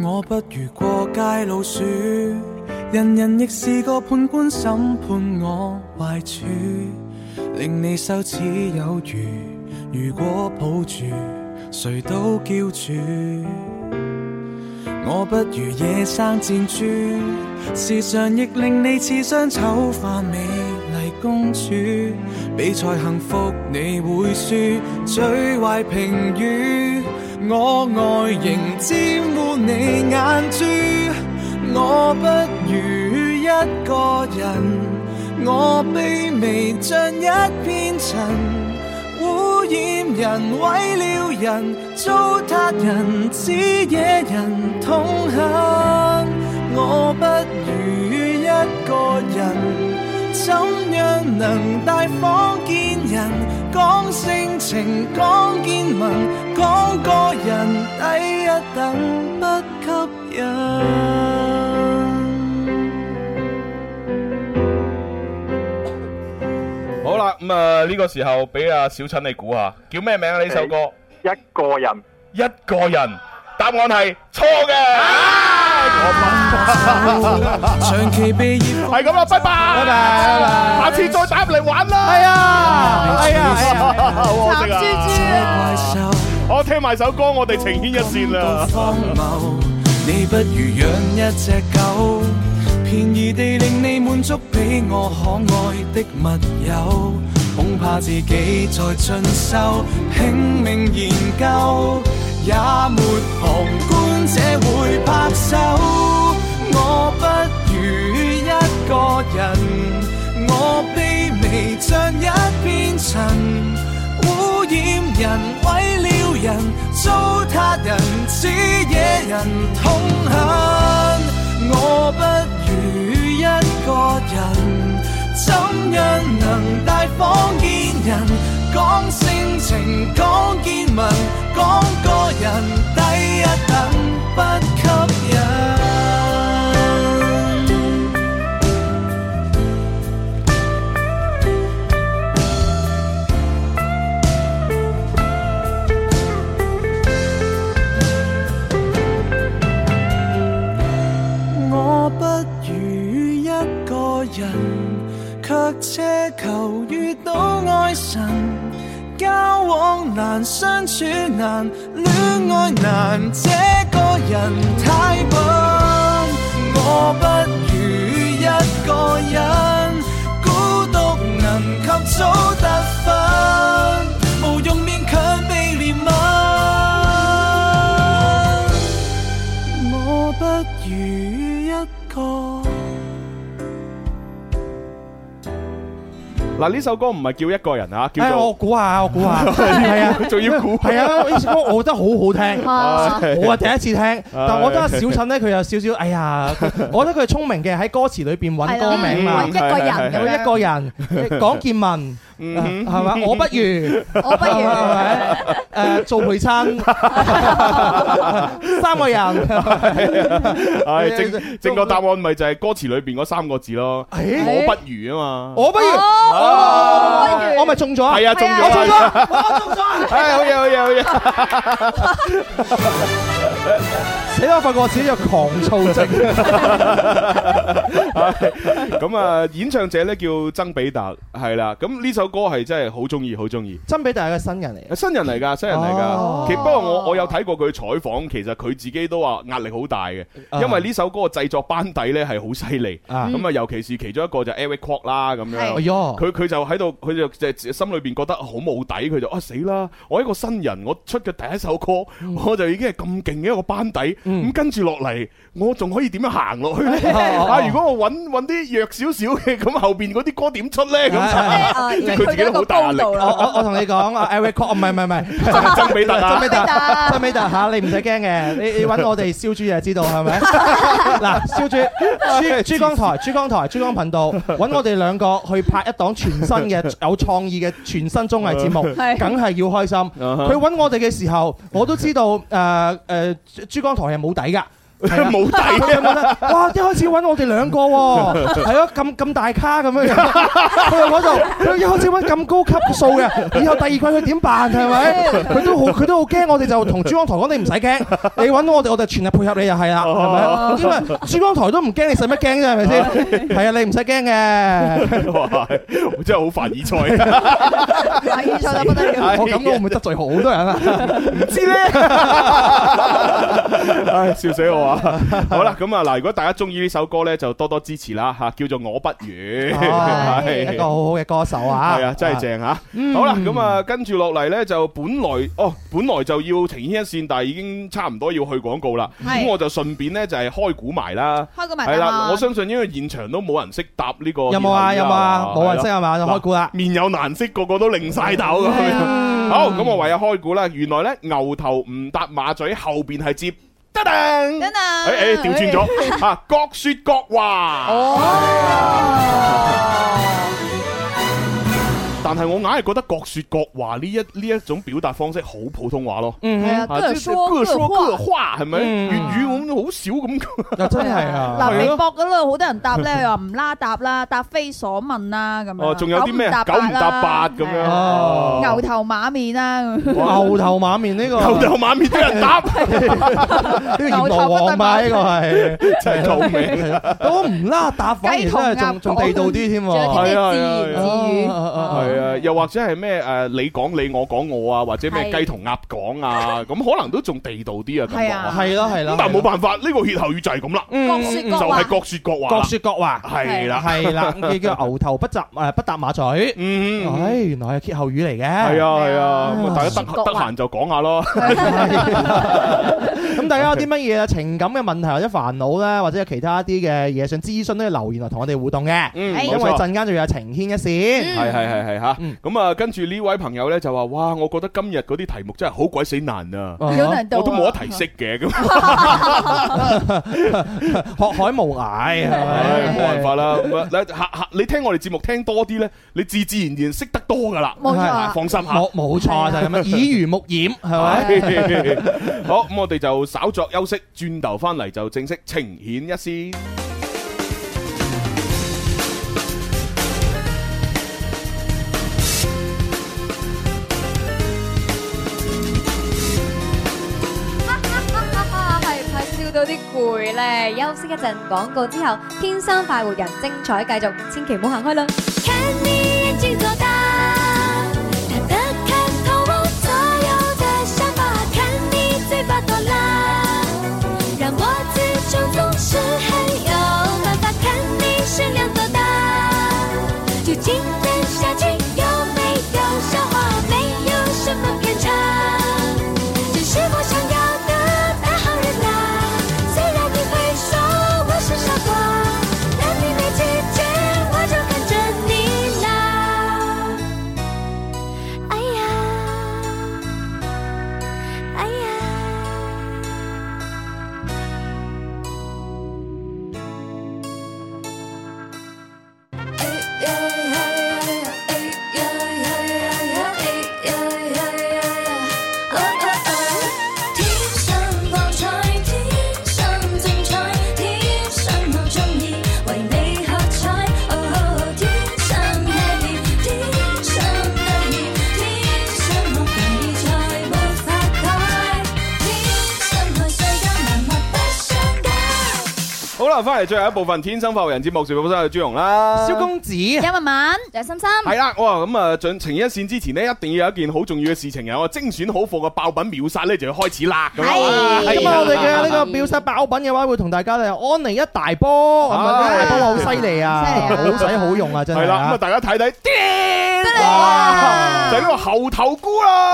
我不如過街老鼠，人人亦是個判官審判我壞處，令你羞恥有餘。如果抱住，誰都叫住。我不如野生箭豬，時常亦令你刺傷醜化美麗公主。比賽幸福你會輸，最壞評語。我外形沾污你眼珠，我不如一個人，我卑微像一片塵。污染人，毀了人，糟蹋人，只惹人痛恨。我不如一個人，怎樣能大方見人？講性情，講見聞，講個人低一等不吸引。好啦，咁啊呢個時候俾阿小陳，你估下，叫咩名啊呢首歌？一個人，一個人，答案係錯嘅。係咁啦，拜拜，拜拜，下次再打入嚟玩啦。係啊，係啊，我識啊。我聽埋首歌，我哋情牽一線啦。你不如養一隻狗。便宜地令你滿足，比我可愛的密友，恐怕自己再進修，拼命研究，也沒旁觀者會拍手。我不如一個人，我卑微像一片塵，污染人，毀了人，糟蹋人，只惹人痛恨。我不如一個人，怎樣能大方見人？講性情，講見聞，講個人低一等，不吸引。奢求遇到愛神，交往難，相處難，戀愛難，這個人太笨。我不如一個人，孤獨能及早得分。嗱，呢首歌唔係叫一個人啊？叫，哎，我估下，我估下，係 啊，仲 要估猜，係啊，呢首歌我覺得好好聽， 啊我啊第一次聽， 啊，但我覺得小陳咧佢有少少，哎呀，我覺得佢係聰明嘅，喺歌詞裏邊揾歌名嘛，揾， 嗯，一個人，揾一個人，講建文。 嗯，係嘛？我不如，我不如，係咪？誒，做陪餐，三個人，係正正確答案咪就係歌詞裏邊嗰三個字咯？我不如啊嘛，我不如，我不如，我咪中咗，係啊，中咗我中咗！我中咗，哎，好嘢，好嘢，好嘢。你我發覺自己有狂躁症。咁啊，演唱者咧叫曾比特，係啦。咁呢首歌係真係好中意，好中意。曾比特係個新人嚟，新人嚟噶，新人嚟噶。其實不過我我有睇過佢採訪，其實佢自己都話壓力好大嘅，因為呢首歌嘅製作班底咧係好犀利。咁啊、嗯，尤其是其中一個就 Eric Kwok、ok, 啦，咁樣、哎呦。佢佢就喺度，佢就就心裏邊覺得好冇底，佢就啊死啦！我一個新人，我出嘅第一首歌，我就已經係咁勁嘅一個班底。嗯咁跟住落嚟，我仲可以點樣行落去咧？啊，如果我揾揾啲弱少少嘅，咁後邊嗰啲歌點出咧？咁即係佢自己都好大壓力。我我同你講，Eric k 唔係唔係唔係，收尾就收尾就收尾就嚇你唔使驚嘅，你你揾我哋燒豬就知道係咪？嗱，燒豬，珠珠江台珠江台珠江頻道揾我哋兩個去拍一檔全新嘅有創意嘅全新綜藝節目，梗係要開心。佢揾我哋嘅時候，我都知道誒誒珠江台。係冇底噶。冇底啊！哇，一開始揾我哋兩個喎，係咯，咁咁大卡咁樣樣，佢又嗰度，佢一開始揾咁高級嘅數嘅，以後第二季佢點辦？係咪？佢都好，佢都好驚，我哋就同珠江台講，你唔使驚，你揾我哋，我哋全力配合你又係啦，係咪？因為珠江台都唔驚，你使乜驚啫？係咪先？係啊，你唔使驚嘅。哇，真係好凡爾賽。我感到會唔會得罪好多人啊？唔知咧。唉，笑死我啊！好啦，咁啊嗱，如果大家中意呢首歌咧，就多多支持啦吓，叫做我不如，係一個好好嘅歌手啊，係啊，真係正啊，好啦，咁啊，跟住落嚟咧，就本來哦，本來就要停呢一線，但係已經差唔多要去廣告啦，咁我就順便咧就係開估埋啦，開估埋係啦，我相信因為現場都冇人識答呢個，有冇啊，有冇啊，冇人識係嘛，就開估啦，面有難色，個個都擰晒頭，好，咁我唯有開估啦，原來咧牛頭唔搭馬嘴，後邊係接。等等，哎哎，調轉咗 啊，各說各話。哦啊但係我硬係覺得各說各話呢一呢一種表達方式好普通話咯。嗯，啊，跟住跟住跟係咪？粵語咁好少咁。真係啊！嗱，微博嗰度好多人答咧，又唔啦答啦，答非所問啦咁樣。仲有啲咩？九唔搭八咁樣。牛頭馬面啊！牛頭馬面呢個。牛頭馬面啲人答。牛頭馬面呢個係真係做嘢。都唔啦答反而真係仲仲地道啲添喎。係啊係啊。自言自語。係。誒，又或者係咩誒？你講你，我講我啊，或者咩雞同鴨講啊？咁可能都仲地道啲啊，感覺係咯係咯。咁但係冇辦法，呢個歇後語就係咁啦。嗯，就係各說各話。各說各話，係啦，係啦。叫牛頭不搭誒，不搭馬嘴。嗯，唉，原來係歇後語嚟嘅。係啊係啊，大家得得閒就講下咯。咁大家有啲乜嘢情感嘅問題或者煩惱咧，或者有其他一啲嘅嘢想咨詢咧，留言嚟同我哋互動嘅。嗯，冇錯。因為陣間仲有晴軒一線。係係係係。吓咁啊！跟住呢位朋友咧就話：哇！我覺得今日嗰啲題目真係好鬼死難啊！我都冇一題識嘅，咁學海無涯，冇辦法啦。咁啊，下下你聽我哋節目聽多啲咧，你自自然然識得多噶啦。放心下，冇冇錯就係咁樣，耳濡目染係咪？好，咁我哋就稍作休息，轉頭翻嚟就正式呈現一先。嚟休息一陣，廣告之後，天生快活人精彩繼續，千祈唔好行開啦！翻嚟最後一部分，天生發福人節目，佘寶生、朱容啦，蕭公子、有文文、有心心，係啦，哇，咁啊，准情一線之前呢，一定要有一件好重要嘅事情，有精選好貨嘅爆品秒殺咧，就要開始啦，係啊，咁啊，我哋嘅呢個秒殺爆品嘅話，會同大家咧安利一大波，一大波好犀利啊，好使好用啊，真係啊，咁啊，大家睇睇，得啦，睇呢個猴頭菇啦，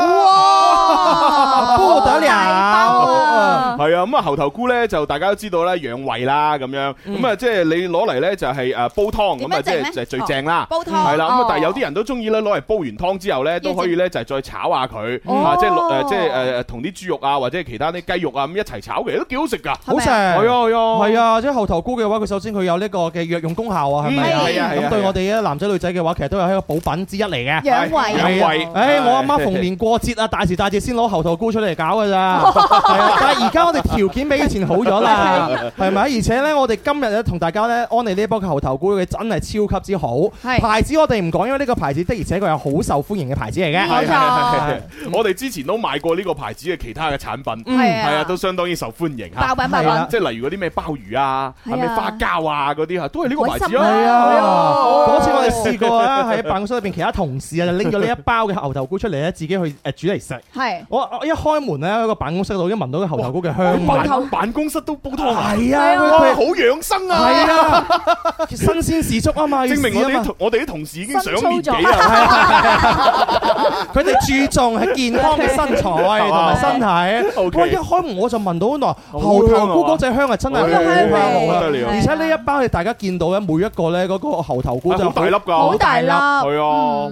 哇，菇得啦，係啊，咁啊，猴頭菇咧就大家都知道咧，養胃啦，咁。咁樣，咁啊，即係你攞嚟咧，就係誒煲湯，咁啊，即係就係最正啦。煲湯係啦，咁啊，但係有啲人都中意咧，攞嚟煲完湯之後咧，都可以咧，就係再炒下佢，啊，即係誒，即係誒同啲豬肉啊，或者其他啲雞肉啊，咁一齊炒嘅，都幾好食㗎，好食係啊係啊，係啊，即係猴頭菇嘅話，佢首先佢有呢個嘅藥用功效啊，係咪？係啊係啊，咁對我哋男仔女仔嘅話，其實都係一個補品之一嚟嘅，養胃啊，養胃。誒，我阿媽逢年過節啊，大時大節先攞猴頭菇出嚟搞㗎咋，但係而家我哋條件比以前好咗啦，係咪？而且咧。我哋今日咧同大家咧安利呢一波嘅猴頭菇嘅真係超級之好。牌子我哋唔講，因為呢個牌子的而且確係好受歡迎嘅牌子嚟嘅。我哋之前都買過呢個牌子嘅其他嘅產品，係啊，都相當於受歡迎嚇。爆品爆品，即係例如嗰啲咩鮑魚啊，係咪花膠啊嗰啲啊，都係呢個牌子。係啊，嗰次我哋試過喺辦公室入邊其他同事啊，就拎咗呢一包嘅猴頭菇出嚟咧，自己去煮嚟食。係，我一開門咧，喺個辦公室度已經聞到個猴頭菇嘅香。辦公室都煲湯。係啊，好養生啊！係啊，新鮮時速啊嘛！證明我啲我哋啲同事已經上咗年紀。佢哋注重係健康嘅身材同埋身體。哇！一開門我就聞到嗰個猴頭菇嗰隻香啊，真係好香。而且呢一包你大家見到咧，每一個咧嗰個猴頭菇就好大粒噶，好大粒，係啊，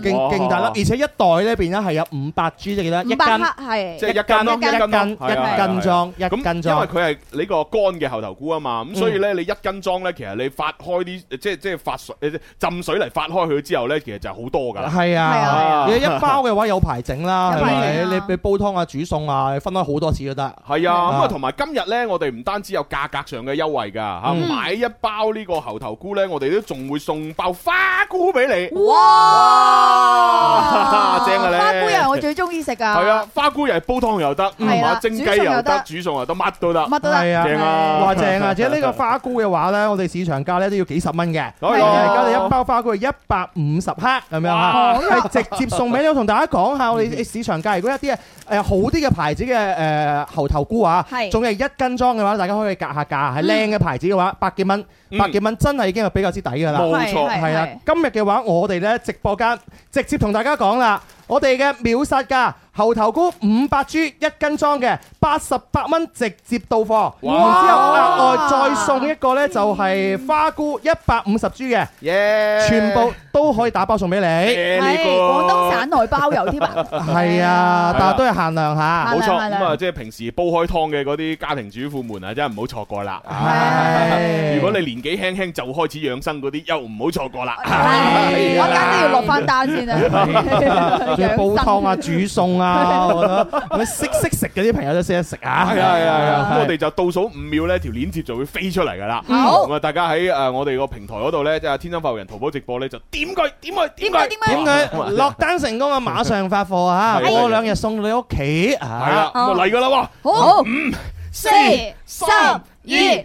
勁勁大粒，而且一袋咧邊咧係有五百 G 嘅咧，五百克係，即係一斤咯，一斤一斤裝，一斤裝。因為佢係呢個乾嘅猴頭菇啊嘛，咁所以咧。你一斤裝咧，其實你發開啲，即係即係發水，浸水嚟發開佢之後咧，其實就好多噶啦。係啊，啊，你一包嘅話有排整啦，你你煲湯啊，煮餸啊，分開好多次都得。係啊，咁啊，同埋今日咧，我哋唔單止有價格上嘅優惠噶，吓買一包呢個猴頭菇咧，我哋都仲會送包花菇俾你。哇，正啊，花菇又係，我最中意食噶。係啊，花菇又係煲湯又得，同埋蒸雞又得，煮餸又得，乜都得，乜都得，正啊，哇正啊，而且呢個花。菇嘅話咧，我哋市場價咧都要幾十蚊嘅。而家的一包花菇係一百五十克咁樣，係哇吧直接送俾你，同大家講下，我哋市場價。如果一啲誒好啲嘅牌子嘅誒、呃、猴頭菇啊，仲係是一斤裝嘅話，大家可以格下價。係靚嘅牌子嘅話、嗯，百，百幾蚊，百幾蚊真係已經係比較之抵噶啦。冇錯，係啦。今日嘅話，我哋呢直播間直接同大家講啦，我哋嘅秒殺價。猴頭菇五百 G 一斤裝嘅，八十八蚊直接到貨，然之後額外再送一個咧就係花菇一百五十 G 嘅，全部都可以打包送俾你，係廣東省內包郵添啊！係啊，但係都係限量吓，冇錯。咁啊，即係平時煲開湯嘅嗰啲家庭主婦們啊，真係唔好錯過啦。如果你年紀輕輕就開始養生嗰啲，又唔好錯過啦。我家都要落翻單先啊！要煲湯啊，煮餸啊。識識食嗰啲朋友都識得食啊！係啊係啊，係啊。我哋就倒數五秒呢條鏈接就會飛出嚟噶啦。好，咁啊，大家喺誒我哋個平台嗰度咧，即係天生發福人淘寶直播咧，就點佢點佢點佢點佢落單成功啊，馬上發貨啊，一、二、兩日送到你屋企。係啦，咁啊嚟噶啦，好，五、四、三、二、一。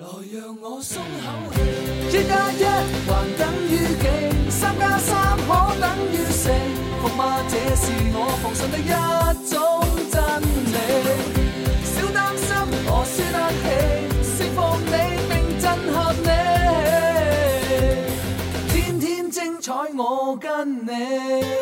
來讓我鬆口氣，一加一還等於幾？三加三可等於四？伏馬，這是我奉信的一種真理。少擔心，我輸得起，釋放你並震撼你，天天精彩，我跟你。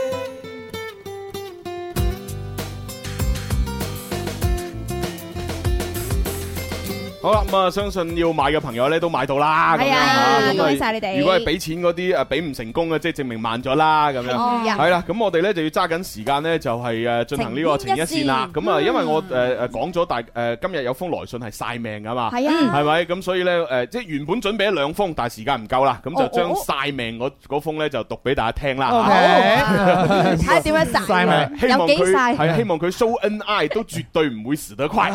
好啦，咁啊，相信要買嘅朋友咧都買到啦。係啊，多謝晒你哋。如果係俾錢嗰啲誒俾唔成功嘅，即係證明慢咗啦。咁樣係啦，咁我哋咧就要揸緊時間咧，就係誒進行呢個情一線啦。咁啊，因為我誒誒講咗大誒今日有封來信係晒命噶嘛。係啊。係咪咁？所以咧誒，即係原本準備咗兩封，但係時間唔夠啦，咁就將晒命嗰嗰封咧就讀俾大家聽啦。睇點樣晒命？有幾晒命？係希望佢 show ni 都絕對唔會蝕得快。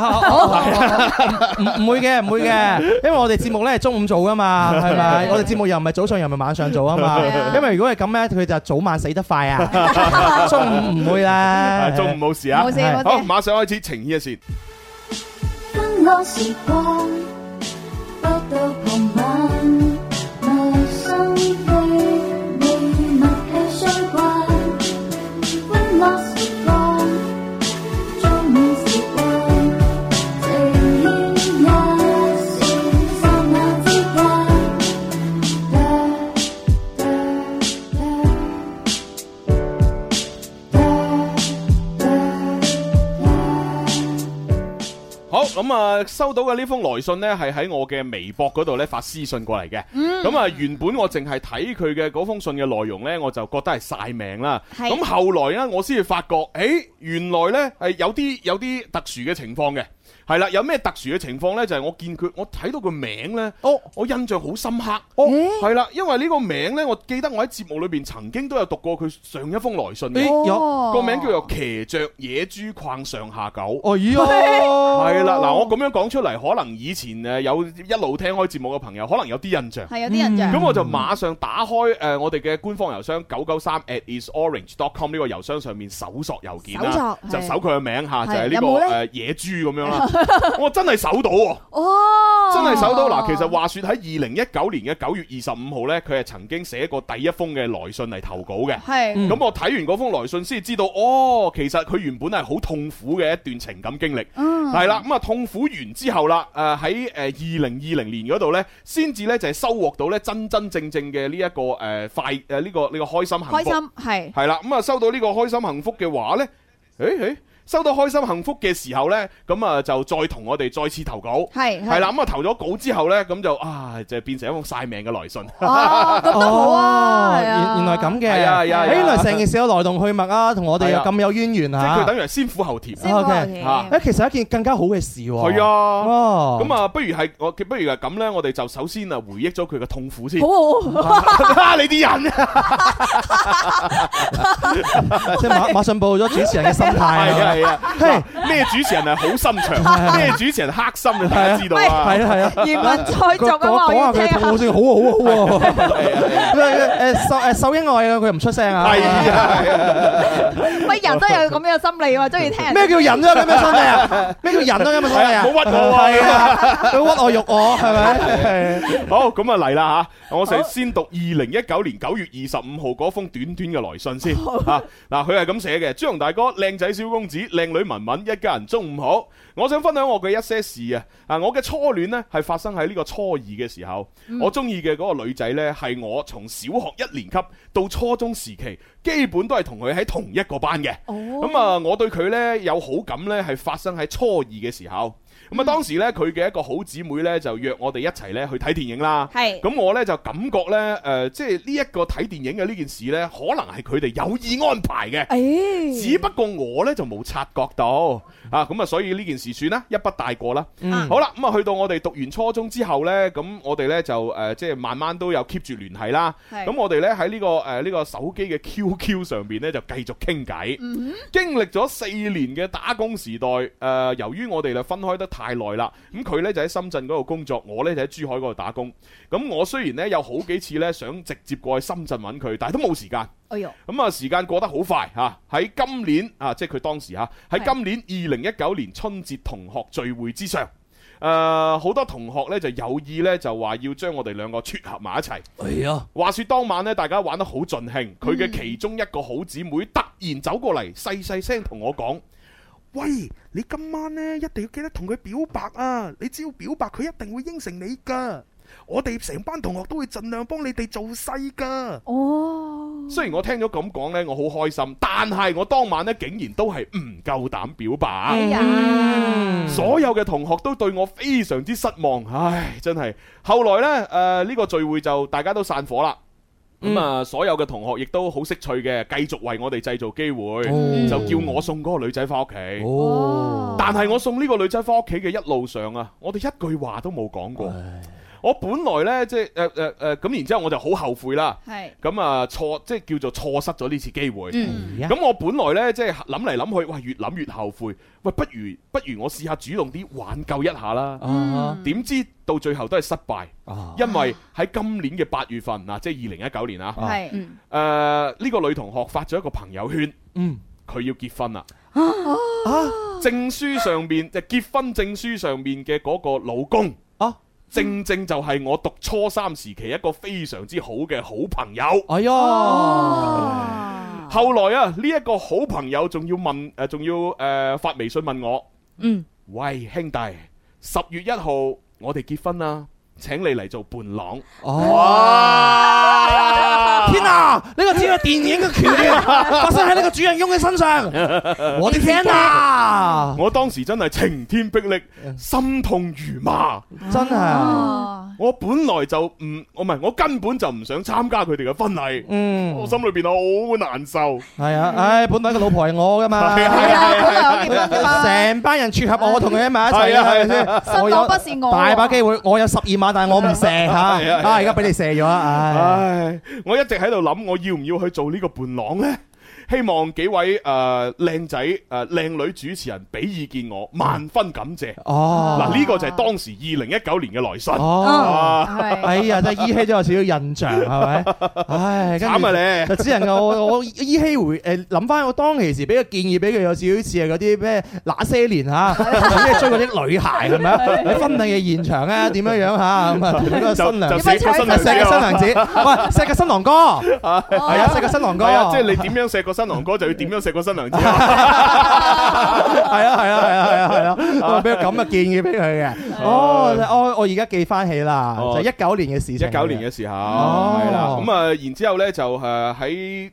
唔會。嘅唔會嘅，因為我哋節目咧係中午做噶嘛，係咪？我哋節目又唔係早上又唔係晚上做啊嘛， 因為如果係咁咧，佢就早晚死得快啊， 中午唔會啦。 中午冇事啊，事是好，okay. 馬上開始呈意一折。咁啊，收到嘅呢封來信咧，係喺我嘅微博嗰度咧發私信過嚟嘅。咁啊、嗯，原本我淨係睇佢嘅嗰封信嘅內容咧，我就覺得係晒命啦。咁、啊、後來啊，我先至發覺，誒、欸，原來呢係有啲有啲特殊嘅情況嘅。係啦，有咩特殊嘅情況呢？就係、是、我見佢，我睇到個名呢，oh. 我印象好深刻。哦、oh, 嗯，係啦，因為呢個名呢，我記得我喺節目裏邊曾經都有讀過佢上一封來信嘅。個、oh. 名叫做騎着野豬逛上下九。哦，係啦、oh.，嗱，我咁樣講出嚟，可能以前誒有一路聽開節目嘅朋友，可能有啲印象。係有啲印象。咁、嗯、我就馬上打開誒我哋嘅官方郵箱 993@isorange.com 呢個郵箱上面搜索郵件啦，就搜佢嘅名嚇，就係呢個誒、uh, 野豬咁樣啦。 我真係搜到哦，真係搜到嗱。其實話說喺二零一九年嘅九月二十五號呢，佢係曾經寫過第一封嘅來信嚟投稿嘅。係咁、嗯嗯，我睇完嗰封來信先知道，哦，其實佢原本係好痛苦嘅一段情感經歷、嗯。嗯，係啦，咁啊痛苦完之後啦，誒喺誒二零二零年嗰度呢，先至呢就係、是、收穫到呢真真正正嘅呢一個誒、呃、快誒呢、呃呢個呢、呢個開心幸福。開心係係啦，咁、嗯、啊收到呢個開心幸福嘅話呢。誒、欸、誒。欸欸收到開心幸福嘅時候咧，咁啊就再同我哋再次投稿，係係啦，咁啊投咗稿之後咧，咁就啊就變成一封晒命嘅來信。都好啊，原原來咁嘅，係啊，係啊。原來成件事有來龍去脈啊，同我哋又咁有淵源啊，即佢等於係先苦後甜，啊。先苦後甜，誒其實一件更加好嘅事喎。係啊，咁啊不如係我，不如係咁咧，我哋就首先啊回憶咗佢嘅痛苦先。好啊，你啲人，即係馬馬上報咗主持人嘅心態。係咩？ 主持人係好心腸，咩主持人黑心。 大家知道啊。係啊係啊，言文再續講下佢個性好好啊，好啊。誒誒，壽誒壽英愛啊，佢又唔出聲啊。係啊。人都有咁樣心理喎，中意聽。咩叫人都咁樣心理啊？咩叫人都咁樣心理啊？好屈我啊！都屈我辱我，係咪？好，咁啊嚟啦吓！我成先讀二零一九年九月二十五號嗰封短短嘅來信先吓。嗱，佢係咁寫嘅：張龍大哥、靚仔小公子、靚女文文，一家人中午好。我想分享我嘅一些事啊！啊，我嘅初戀呢，係發生喺呢個初二嘅時候，嗯、我中意嘅嗰個女仔呢，係我從小學一年級到初中時期，基本都係同佢喺同一個班嘅。哦，咁、嗯、啊，我對佢呢，有好感呢，係發生喺初二嘅時候。咁、嗯、啊，嗯、當時呢，佢嘅一個好姊妹呢，就約我哋一齊呢去睇電影啦。係是，咁我呢，就感覺呢，誒、呃，即係呢一個睇電影嘅呢件事呢，可能係佢哋有意安排嘅。哎、呦只不過我呢，就冇察覺到。啊，咁啊，所以呢件事算啦，一筆帶過啦。嗯、好啦，咁啊，去到我哋讀完初中之後呢，咁我哋呢就誒、呃，即係慢慢都有 keep 住聯繫啦。咁是我哋呢喺呢、呢個誒呢、呃呢個手機嘅 QQ 上邊呢，就繼續傾偈。嗯、經歷咗四年嘅打工時代，誒、呃，由於我哋就分開得太耐啦，咁、嗯、佢呢就喺深圳嗰度工作，我呢就喺珠海嗰度打工。咁我雖然呢有好幾次呢想直接過去深圳揾佢，但係都冇時間。咁啊、嗯，時間過得好快嚇。喺今年啊，即係佢當時嚇，喺今年二零一九年春節同學聚會之上，誒、呃、好多同學呢就有意呢就話要將我哋兩個撮合埋一齊。係啊、哎呀！話説當晚呢，大家玩得好盡興，佢嘅其中一個好姊妹突然走過嚟，細細聲同我講：喂，你今晚呢一定要記得同佢表白啊！你只要表白，佢一定會應承你㗎。我哋成班同學都會盡量幫你哋做細噶。哦。雖然我聽咗咁講呢，我好開心，但係我當晚呢，竟然都係唔夠膽表白。所有嘅同學都對我非常之失望。唉，真係。後來呢，誒、呃、呢、呢個聚會就大家都散火啦。咁啊，所有嘅同學亦都好識趣嘅，繼續為我哋製造機會，嗯、就叫我送嗰個女仔翻屋企。哦。但係我送呢個女仔翻屋企嘅一路上啊，我哋一句話都冇講過。我本來呢，即係誒誒，咁然之後我就好後悔啦。係咁啊，錯，即係叫做錯失咗呢次機會。咁我本來呢，即係諗嚟諗去，喂，越諗越後悔。喂，不如不如我試下主動啲挽救一下啦。點知到最後都係失敗。因為喺今年嘅八月份嗱，即係二零一九年啊。係誒，呢個女同學發咗一個朋友圈。嗯，佢要結婚啦。啊啊！證書上面即係結婚證書上面嘅嗰個老公正正就係我讀初三時期一個非常之好嘅好朋友。哎喲呦、啊，後來啊，呢、這、一個好朋友仲要問誒，仲、呃、要誒、呃、發微信問我，嗯，喂，兄弟，十月一號我哋結婚啊。」請你嚟做伴郎。哇！天啊！呢個只有電影嘅橋段，發生喺呢個主人翁嘅身上。我嘅天啊，我當時真係晴天霹靂，心痛如麻，真係。我本來就唔，我唔係，我根本就唔想參加佢哋嘅婚禮。嗯，我心裏邊好難受。係啊，唉，本來個老婆係我噶嘛。啊，成班人撮合我同佢喺埋一齊。係啊係啊，心痛不是我。大把機會，我有十二。但係我唔射嚇，啊！而家俾你射咗， 唉！我一直喺度諗，我要唔要去做呢個伴郎呢？希望幾位誒靚仔誒靚女主持人俾意見我，萬分感謝。哦，嗱呢個就係當時二零一九年嘅來信。哦，係。哎呀，真係依稀都有少少印象，係咪？唉，慘啊你！主持人，我我依稀回誒諗翻，我當其時俾個建議俾佢，有少少似係嗰啲咩那些年嚇，咩追嗰啲女孩係咪啊？你婚禮嘅現場啊，點樣樣嚇咁啊？個新娘？錫個新娘子？喂，錫個新郎哥。係啊，錫個新郎哥。啊，即係你點樣錫個新新郎哥就要點樣食個新娘子？係啊，係啊，係啊，係啊，係啊！我俾個咁嘅建議俾佢嘅。哦，我我而家記翻起啦，就係一九年嘅事情。一九年嘅時候，係啦，咁啊，然之後咧就誒喺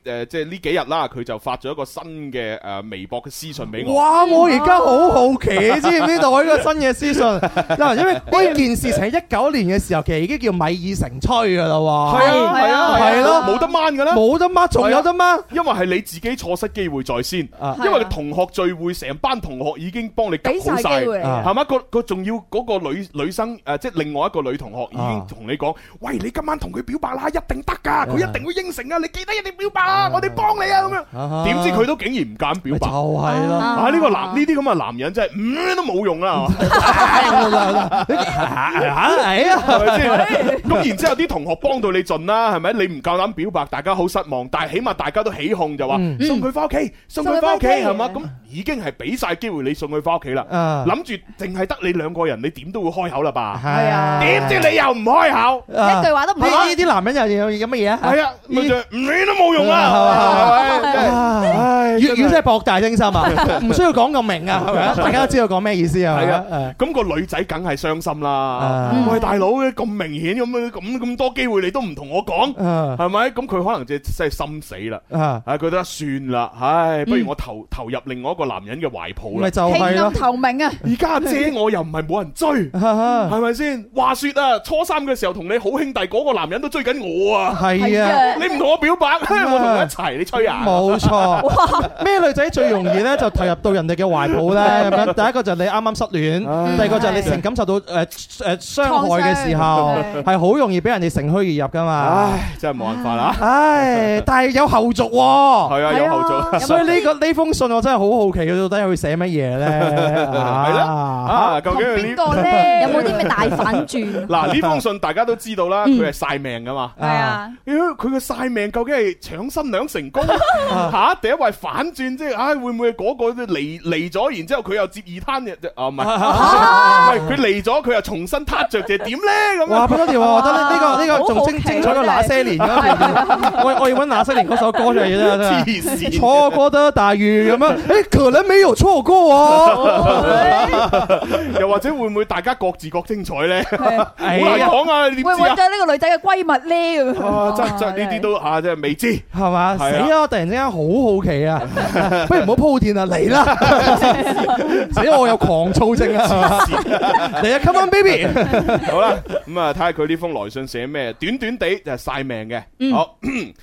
誒即係呢幾日啦，佢就發咗一個新嘅誒微博嘅私信俾我。哇！我而家好好奇，知唔知道呢個新嘅私信？因為呢件事情喺一九年嘅時候，其實已經叫米已成炊噶啦喎。係啊係啊，係咯，冇得掹噶啦，冇得掹，仲有得掹？因為係你自己錯失機會在先，因為你同學聚會成班同學已經幫你計晒，係咪個個仲要嗰個？女女生誒，即係另外一個女同學已經同你講：餵，你今晚同佢表白啦，一定得㗎，佢一定會應承啊！你記得一定表白，我哋幫你啊！咁樣點知佢都竟然唔敢表白？就係啦！啊，呢個男呢啲咁嘅男人真係嗯都冇用啦，係咪先？咁然之後啲同學幫到你盡啦，係咪？你唔夠膽表白，大家好失望，但係起碼大家都起鬨就話送佢翻屋企，送佢翻屋企係嘛？咁已經係俾曬機會你送佢翻屋企啦，諗住淨係得你兩個人，你點？都會開口啦吧？係啊，點知你又唔開口，一句話都唔講。呢啲男人又有有乜嘢啊？係啊，唔遠都冇用啊，係咪？唉，粵語真係博大精深啊！唔需要講咁明啊，係咪？大家都知道講咩意思啊？係啊。咁個女仔梗係傷心啦。喂，大佬，咁明顯咁咁咁多機會，你都唔同我講，係咪？咁佢可能就真係心死啦。啊，佢覺得算啦，唉，不如我投投入另外一個男人嘅懷抱啦。咪就係啦。棄暗投明啊！而家姐我又唔係冇人追。哈哈，係咪先？話說，啊，初三嘅時候同你好兄弟，嗰個男人都追緊我啊。係呀，你唔同我表白，我同佢一齊你吹啊。冇錯。有冇啲咩大反轉？嗱，呢封信大家都知道啦，佢係晒命㗎嘛。係啊，妖佢嘅晒命究竟係搶新娘成功吓，第、啊、一位反轉即係唉，會唔會嗰個都嚟嚟咗，然之後佢又接二攤嘅？啫、啊。哦，唔係、啊，唔係佢嚟咗，佢又重新撻着就點咧咁？哇！潘多利，我覺得呢個呢、呢個仲精、啊啊、精，精彩過那些年。我我要揾那些年嗰首歌出嚟先啦。黐線，錯過得大雨咁啊！唉，可能沒有錯過啊。又哇、啊、或者會唔會大家各自各精彩咧，冇得講啊！喂，搵咗呢個女仔嘅閨蜜咧，真真呢啲都吓，真係未知係嘛？死啊！突然之間好好奇啊，不如唔好鋪墊啦，嚟啦！死我有狂躁症啊！嚟啊，Come on baby！好啦，咁啊睇下佢呢封來信寫咩，短短地就係晒命嘅。好，誒，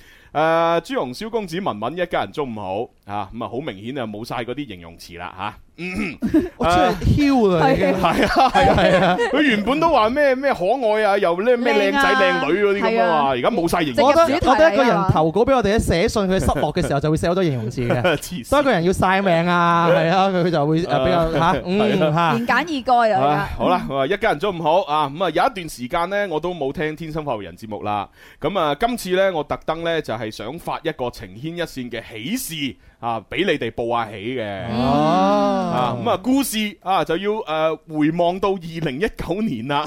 朱紅蕭公子文文一家人中午好啊，咁啊好明顯啊冇晒嗰啲形容詞啦吓。嗯，我真係挑啦，係啊，係啊，佢原本都話咩咩可愛啊，又咩咩靚仔靚女嗰啲咁啊，而家冇晒形容詞。我覺得我覺得一個人投稿俾我哋寫信，佢失落嘅時候就會寫好多形容詞嘅，所以一個人要晒命啊，係啊，佢就會比較吓，言簡意賅啊。好啦，我話一家人中午好啊，咁啊有一段時間咧我都冇聽天生發言人節目啦，咁啊今次咧我特登咧就係想發一個情牽一線嘅喜事。啊，俾你哋報下喜嘅，啊咁啊、嗯，故事啊就要誒、呃、回望到二零一九年啦，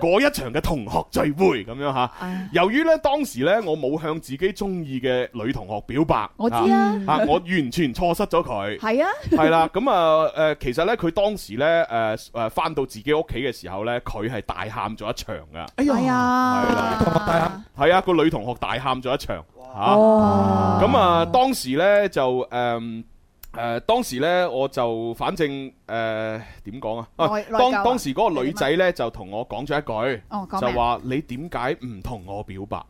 嗰 一場嘅同學聚會咁樣吓。啊哎、呀由於咧當時咧我冇向自己中意嘅女同學表白，我知啊，啊，啊我完全錯失咗佢，係 是啊，係 啦，咁啊誒，其實咧佢當時咧誒誒翻到自己屋企嘅時候咧，佢係大喊咗一場噶，係、哎、呀，係對啦 啊，係啊，啊個女同學大喊咗一場。吓，咁啊，啊，當時呢就誒誒、呃呃，當時呢我就反正誒，點、呃、講啊？啊啊當當時嗰個女仔呢、啊、就同我講咗一句，哦、就話你點解唔同我表白？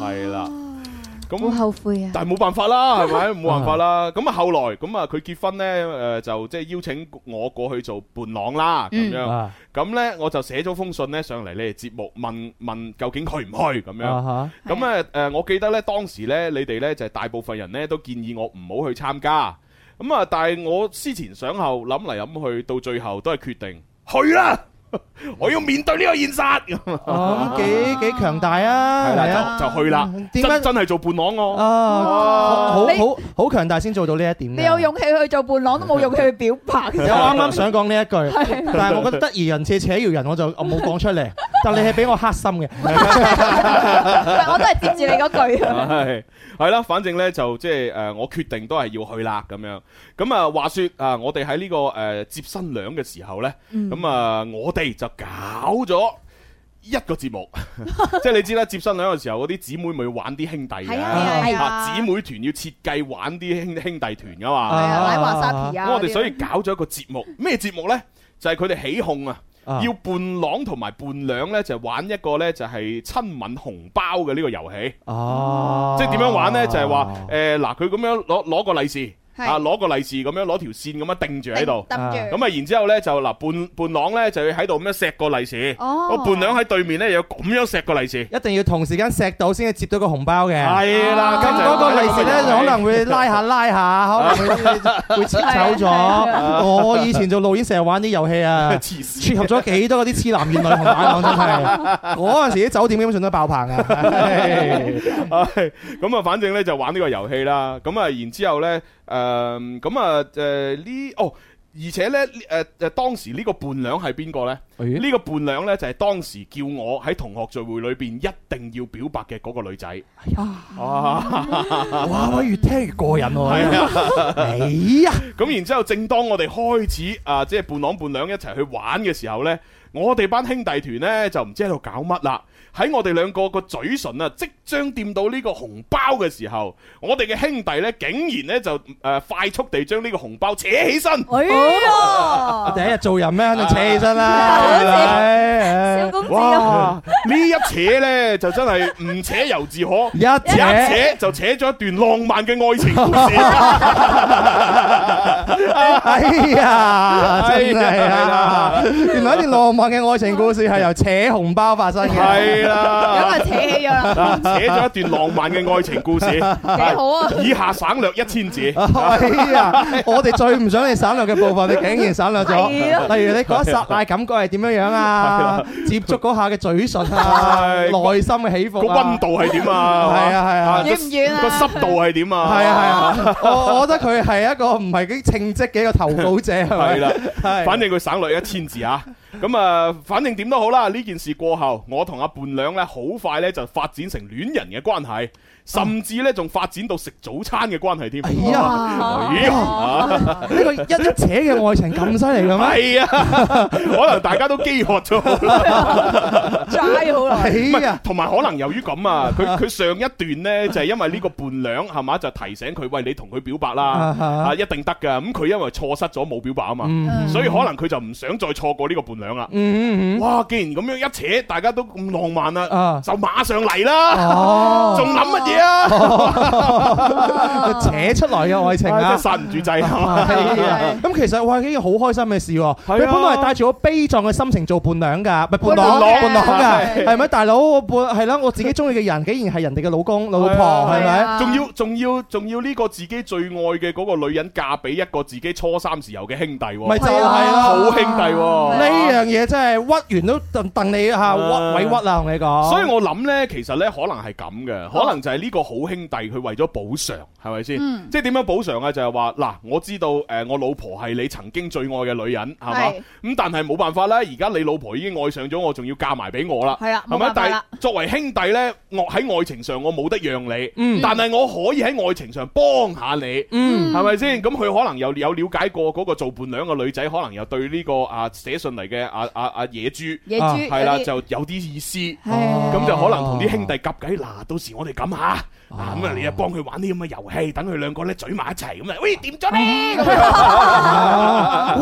係啦、啊。了咁好後悔啊！但係冇辦法啦，係咪冇辦法啦？咁啊，後來咁啊，佢結婚咧，誒，就即係邀請我過去做伴郎啦，咁樣咁咧，我就寫咗封信咧上嚟，你哋節目問問究竟去唔去咁樣咁啊？誒，我記得咧，當時咧，你哋咧就係大部分人咧都建議我唔好去參加咁啊，但係我思前想後諗嚟諗去，到最後都係決定去啦。我要面對呢個現實，幾幾強大啊！係啦，就去啦。點解，真係做伴郎哦？好好好強大先做到呢一點。你有勇氣去做伴郎，都冇勇氣去表白。我啱啱想講呢一句，但係我覺得得意人且且饒人，我就冇講出嚟。但你係比我黑心嘅，我都係接住你嗰句。係係啦，反正咧就即係誒，我決定都係要去啦，咁樣。咁啊，話說啊，我哋喺呢個誒接新娘嘅時候咧，咁啊，我哋。Hey, 就搞咗一個節目， 即係你知啦，接新娘嘅時候嗰啲姊妹咪要玩啲兄弟，係啊、 啊、姊妹團要設計玩啲兄兄弟團噶嘛，咁 我哋所以搞咗一個節目，咩節目呢？就係佢哋起哄啊， 要伴郎同埋伴娘呢就係、玩一個呢就係親吻紅包嘅呢個遊戲。哦、 嗯，即係點樣玩呢？就係話誒，嗱、呃，佢咁樣攞攞個利是。啊！攞個利是咁樣，攞條線咁樣定住喺度，咁啊，然之後咧就嗱伴伴郎咧就要喺度咁樣錫個利是，個伴娘喺對面咧有咁樣錫個利是，一定要同時間錫到先至接到個紅包嘅。係啦，咁嗰個利是咧就可能會拉下拉下，可能會扯走咗。我以前做路演成日玩啲遊戲啊，撮合咗幾多嗰啲黐男怨女同大郎真係。嗰陣時啲酒店基本上都爆棚啊！咁啊，反正咧就玩呢個遊戲啦。咁啊，然之後咧。誒，咁啊、嗯，誒、嗯、呢、嗯嗯，哦，而且呢，誒、嗯、誒，當時呢個伴娘係邊個呢？呢、哎、呀個伴娘呢，就係當時叫我喺同學聚會裏邊一定要表白嘅嗰個女仔。哇，我越聽越過癮喎！係啊，咁然之後，正當我哋開始啊、呃，即係伴郎伴娘一齊去玩嘅時候呢。我哋班兄弟團咧就唔知喺度搞乜啦！喺我哋兩個個嘴唇啊即將掂到呢個紅包嘅時候，我哋嘅兄弟咧竟然咧就誒快速地將呢個紅包扯起身，哎喲。 第一日做人咩，肯定扯起身啦。哇！呢一扯咧就真係唔扯由自可，一扯，一扯就扯咗一段浪漫嘅愛情故事。哎呀！真係啊，原來一段浪。哎 我嘅愛情故事係由扯紅包發生嘅，係啦，咁啊扯起咗啊，扯咗一段浪漫嘅愛情故事，幾好啊！以下省略一千字。係啊，我哋最唔想你省略嘅部分，你竟然省略咗。例如你嗰一剎那感覺係點樣樣啊？接觸嗰下嘅嘴唇啊，內心嘅起伏，個溫度係點啊？係啊係啊，遠唔遠啊？個濕度係點啊？係啊係啊，我我覺得佢係一個唔係幾稱職嘅一個投稿者，係咪？係，反正佢省略一千字啊。咁啊、嗯，反正點都好啦，呢件事過後，我同阿伴娘咧，好快咧就發展成戀人嘅關係。甚至咧，仲發展到食早餐嘅關係添。係啊，呢個一一扯嘅愛情咁犀利嘅咩？係啊，可能大家都飢渴咗，齋好耐。係啊，同埋可能由於咁啊，佢佢上一段咧就係因為呢個伴娘係嘛，就提醒佢喂，你同佢表白啦，啊一定得㗎。咁佢因為錯失咗冇表白啊嘛，所以可能佢就唔想再錯過呢個伴娘啦。哇，既然咁樣一扯，大家都咁浪漫啦，就馬上嚟啦，仲諗乜嘢？係啊，扯出來嘅愛情啊，剎唔住掣係嘛？咁其實哇，竟然好開心嘅事，佢本來係帶住個悲壯嘅心情做伴娘，噶，咪伴郎伴郎噶，係咪大佬？我伴係咯，我自己中意嘅人，竟然係人哋嘅老公老婆，係咪？仲要仲要仲要呢個自己最愛嘅嗰個女人嫁俾一個自己初三時候嘅兄弟，咪就係咯，好兄弟呢樣嘢真係屈完都戥你吓委屈啦，同你講。所以我諗咧，其實咧可能係咁嘅，可能就係。呢個好兄弟，佢為咗補償，係咪先？即係點樣補償啊？就係話嗱，我知道誒，我老婆係你曾經最愛嘅女人，係嘛？咁但係冇辦法啦，而家你老婆已經愛上咗我，仲要嫁埋俾我啦，係咪？但係作為兄弟呢，我喺愛情上我冇得讓你，但係我可以喺愛情上幫下你，嗯，係咪先？咁佢可能有有了解過嗰個做伴娘嘅女仔，可能又對呢個啊寫信嚟嘅啊啊啊野豬，野豬係啦，就有啲意思，咁就可能同啲兄弟夾計。嗱，到時我哋咁下。啊，咁啊，你又幫佢玩啲咁嘅遊戲，等佢兩個咧嘴埋一齊咁啊，喂，點咗咧？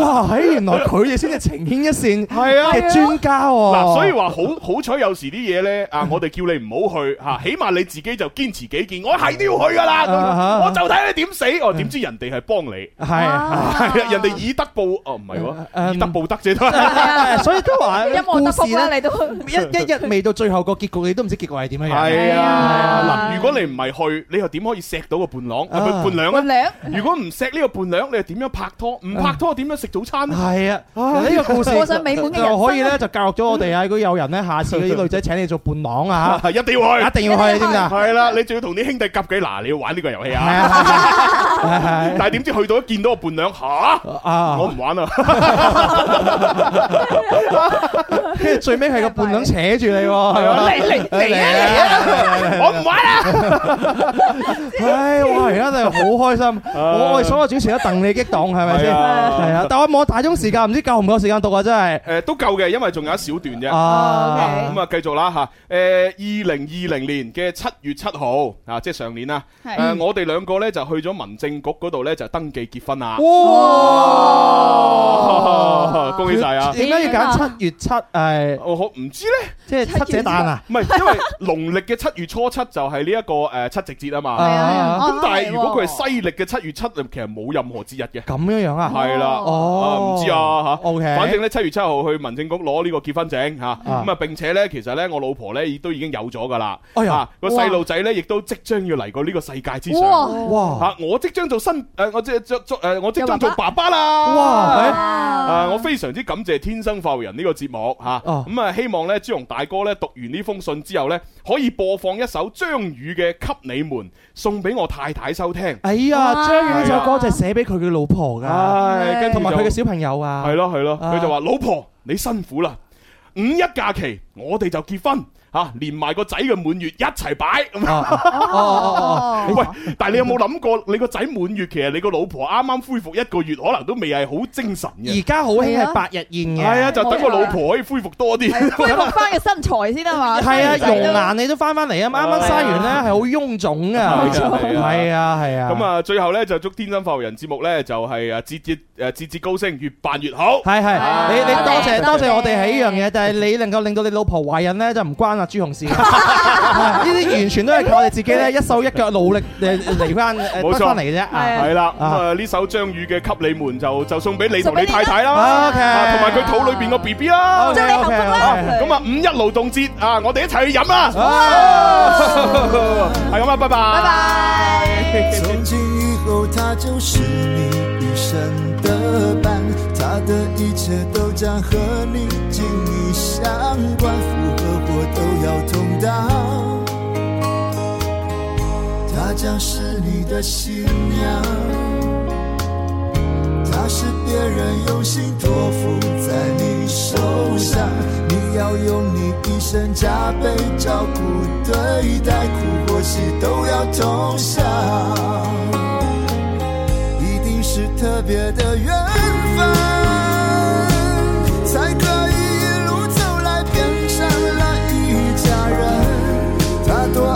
哇，嘿，原來佢哋先係情牽一線係啊，專家嗱，所以話好好彩，有時啲嘢咧啊，我哋叫你唔好去吓，起碼你自己就堅持己見，我係都要去噶啦，我就睇你點死，哦，點知人哋係幫你，係，人哋以德報，哦，唔係喎，以德報德啫都，所以都話故事咧，你都一一日未到最後個結局，你都唔知結局係點樣樣，係啊。如果你唔係去，你又點可以錫到個伴郎啊？伴娘啊？伴娘。如果唔錫呢個伴娘，你又點樣拍拖？唔拍拖點樣食早餐呢？係啊，呢個故事又可以咧就教育咗我哋啊！如果有人咧，下次啲女仔請你做伴郎啊，一定要去，一定要去啊！天係啦，你仲要同啲兄弟夾計嗱，你要玩呢個遊戲啊！但係點知去到見到個伴娘吓，我唔玩啦。跟住最尾係個伴娘扯住你，嚟嚟嚟啊！我唔玩啦。唉，我而家真係好開心，我我所有主持都戥你激動，係咪先？係啊，但我望大鐘時間，唔知夠唔夠時間讀啊！真係誒，都夠嘅，因為仲有一小段啫。啊，咁啊，繼續啦吓。誒，二零二零年嘅七月七號啊，即係上年啦。係。誒，我哋兩個咧就去咗民政局嗰度咧就登記結婚啊。哇！恭喜曬啊！點解要揀七月七？誒，我唔知咧，即係七姐誕啊？唔係，因為農曆嘅七月初七就係呢一。一個誒七夕節啊嘛，咁但係如果佢係西曆嘅七月七日，其實冇任何節日嘅。咁樣樣啊？係啦，哦，唔知啊吓。O K，反正咧七月七號去民政局攞呢個結婚證吓，咁啊並且咧，其實咧我老婆咧亦都已經有咗噶啦，個細路仔咧亦都即將要嚟過呢個世界之上，哇吓！我即將做新誒，我即係做做誒，我即將做爸爸啦，哇！誒，我非常之感謝《天生化為人》呢個節目吓，咁啊希望咧朱龍大哥咧讀完呢封信之後咧。可以播放一首張宇嘅《給你們》，送俾我太太收聽。哎呀，張宇呢首歌就寫俾佢嘅老婆噶，跟住同埋佢嘅小朋友啊。係咯係咯，佢、啊啊、就話：老婆，你辛苦啦，五一假期我哋就結婚。吓，連埋個仔嘅滿月一齊擺，哦，喂！但係你有冇諗過，你個仔滿月，其實你個老婆啱啱恢復一個月，可能都未係好精神嘅。而家好係百日宴嘅，係啊，就等個老婆可以恢復多啲，恢復翻嘅身材先得嘛。係啊，容顏你都翻翻嚟啊，啱啱生完咧係好臃腫噶，係啊係啊。咁啊，最後咧就祝《天津快活人》節目咧就係啊節節誒節節高升，越辦越好。係係，你你多謝多謝我哋喺呢樣嘢，但係你能夠令到你老婆懷孕咧就唔關。啊朱紅士，呢啲完全都係靠我哋自己咧，一手一腳努力誒嚟，翻冇錯翻嚟嘅啫。係啦，誒，呢首張宇嘅《給你們》就就送俾你同你太太啦，同埋佢肚裏邊個 B B 啦。咁啊五一勞動節啊，我哋一齊去飲啦。好，係咁啦，拜拜。拜拜。都要同當，她將是你的新娘，她是別人用心託付在你手上，你要用你一生加倍照顧對待，苦或喜都要同享，一定是特別的緣分。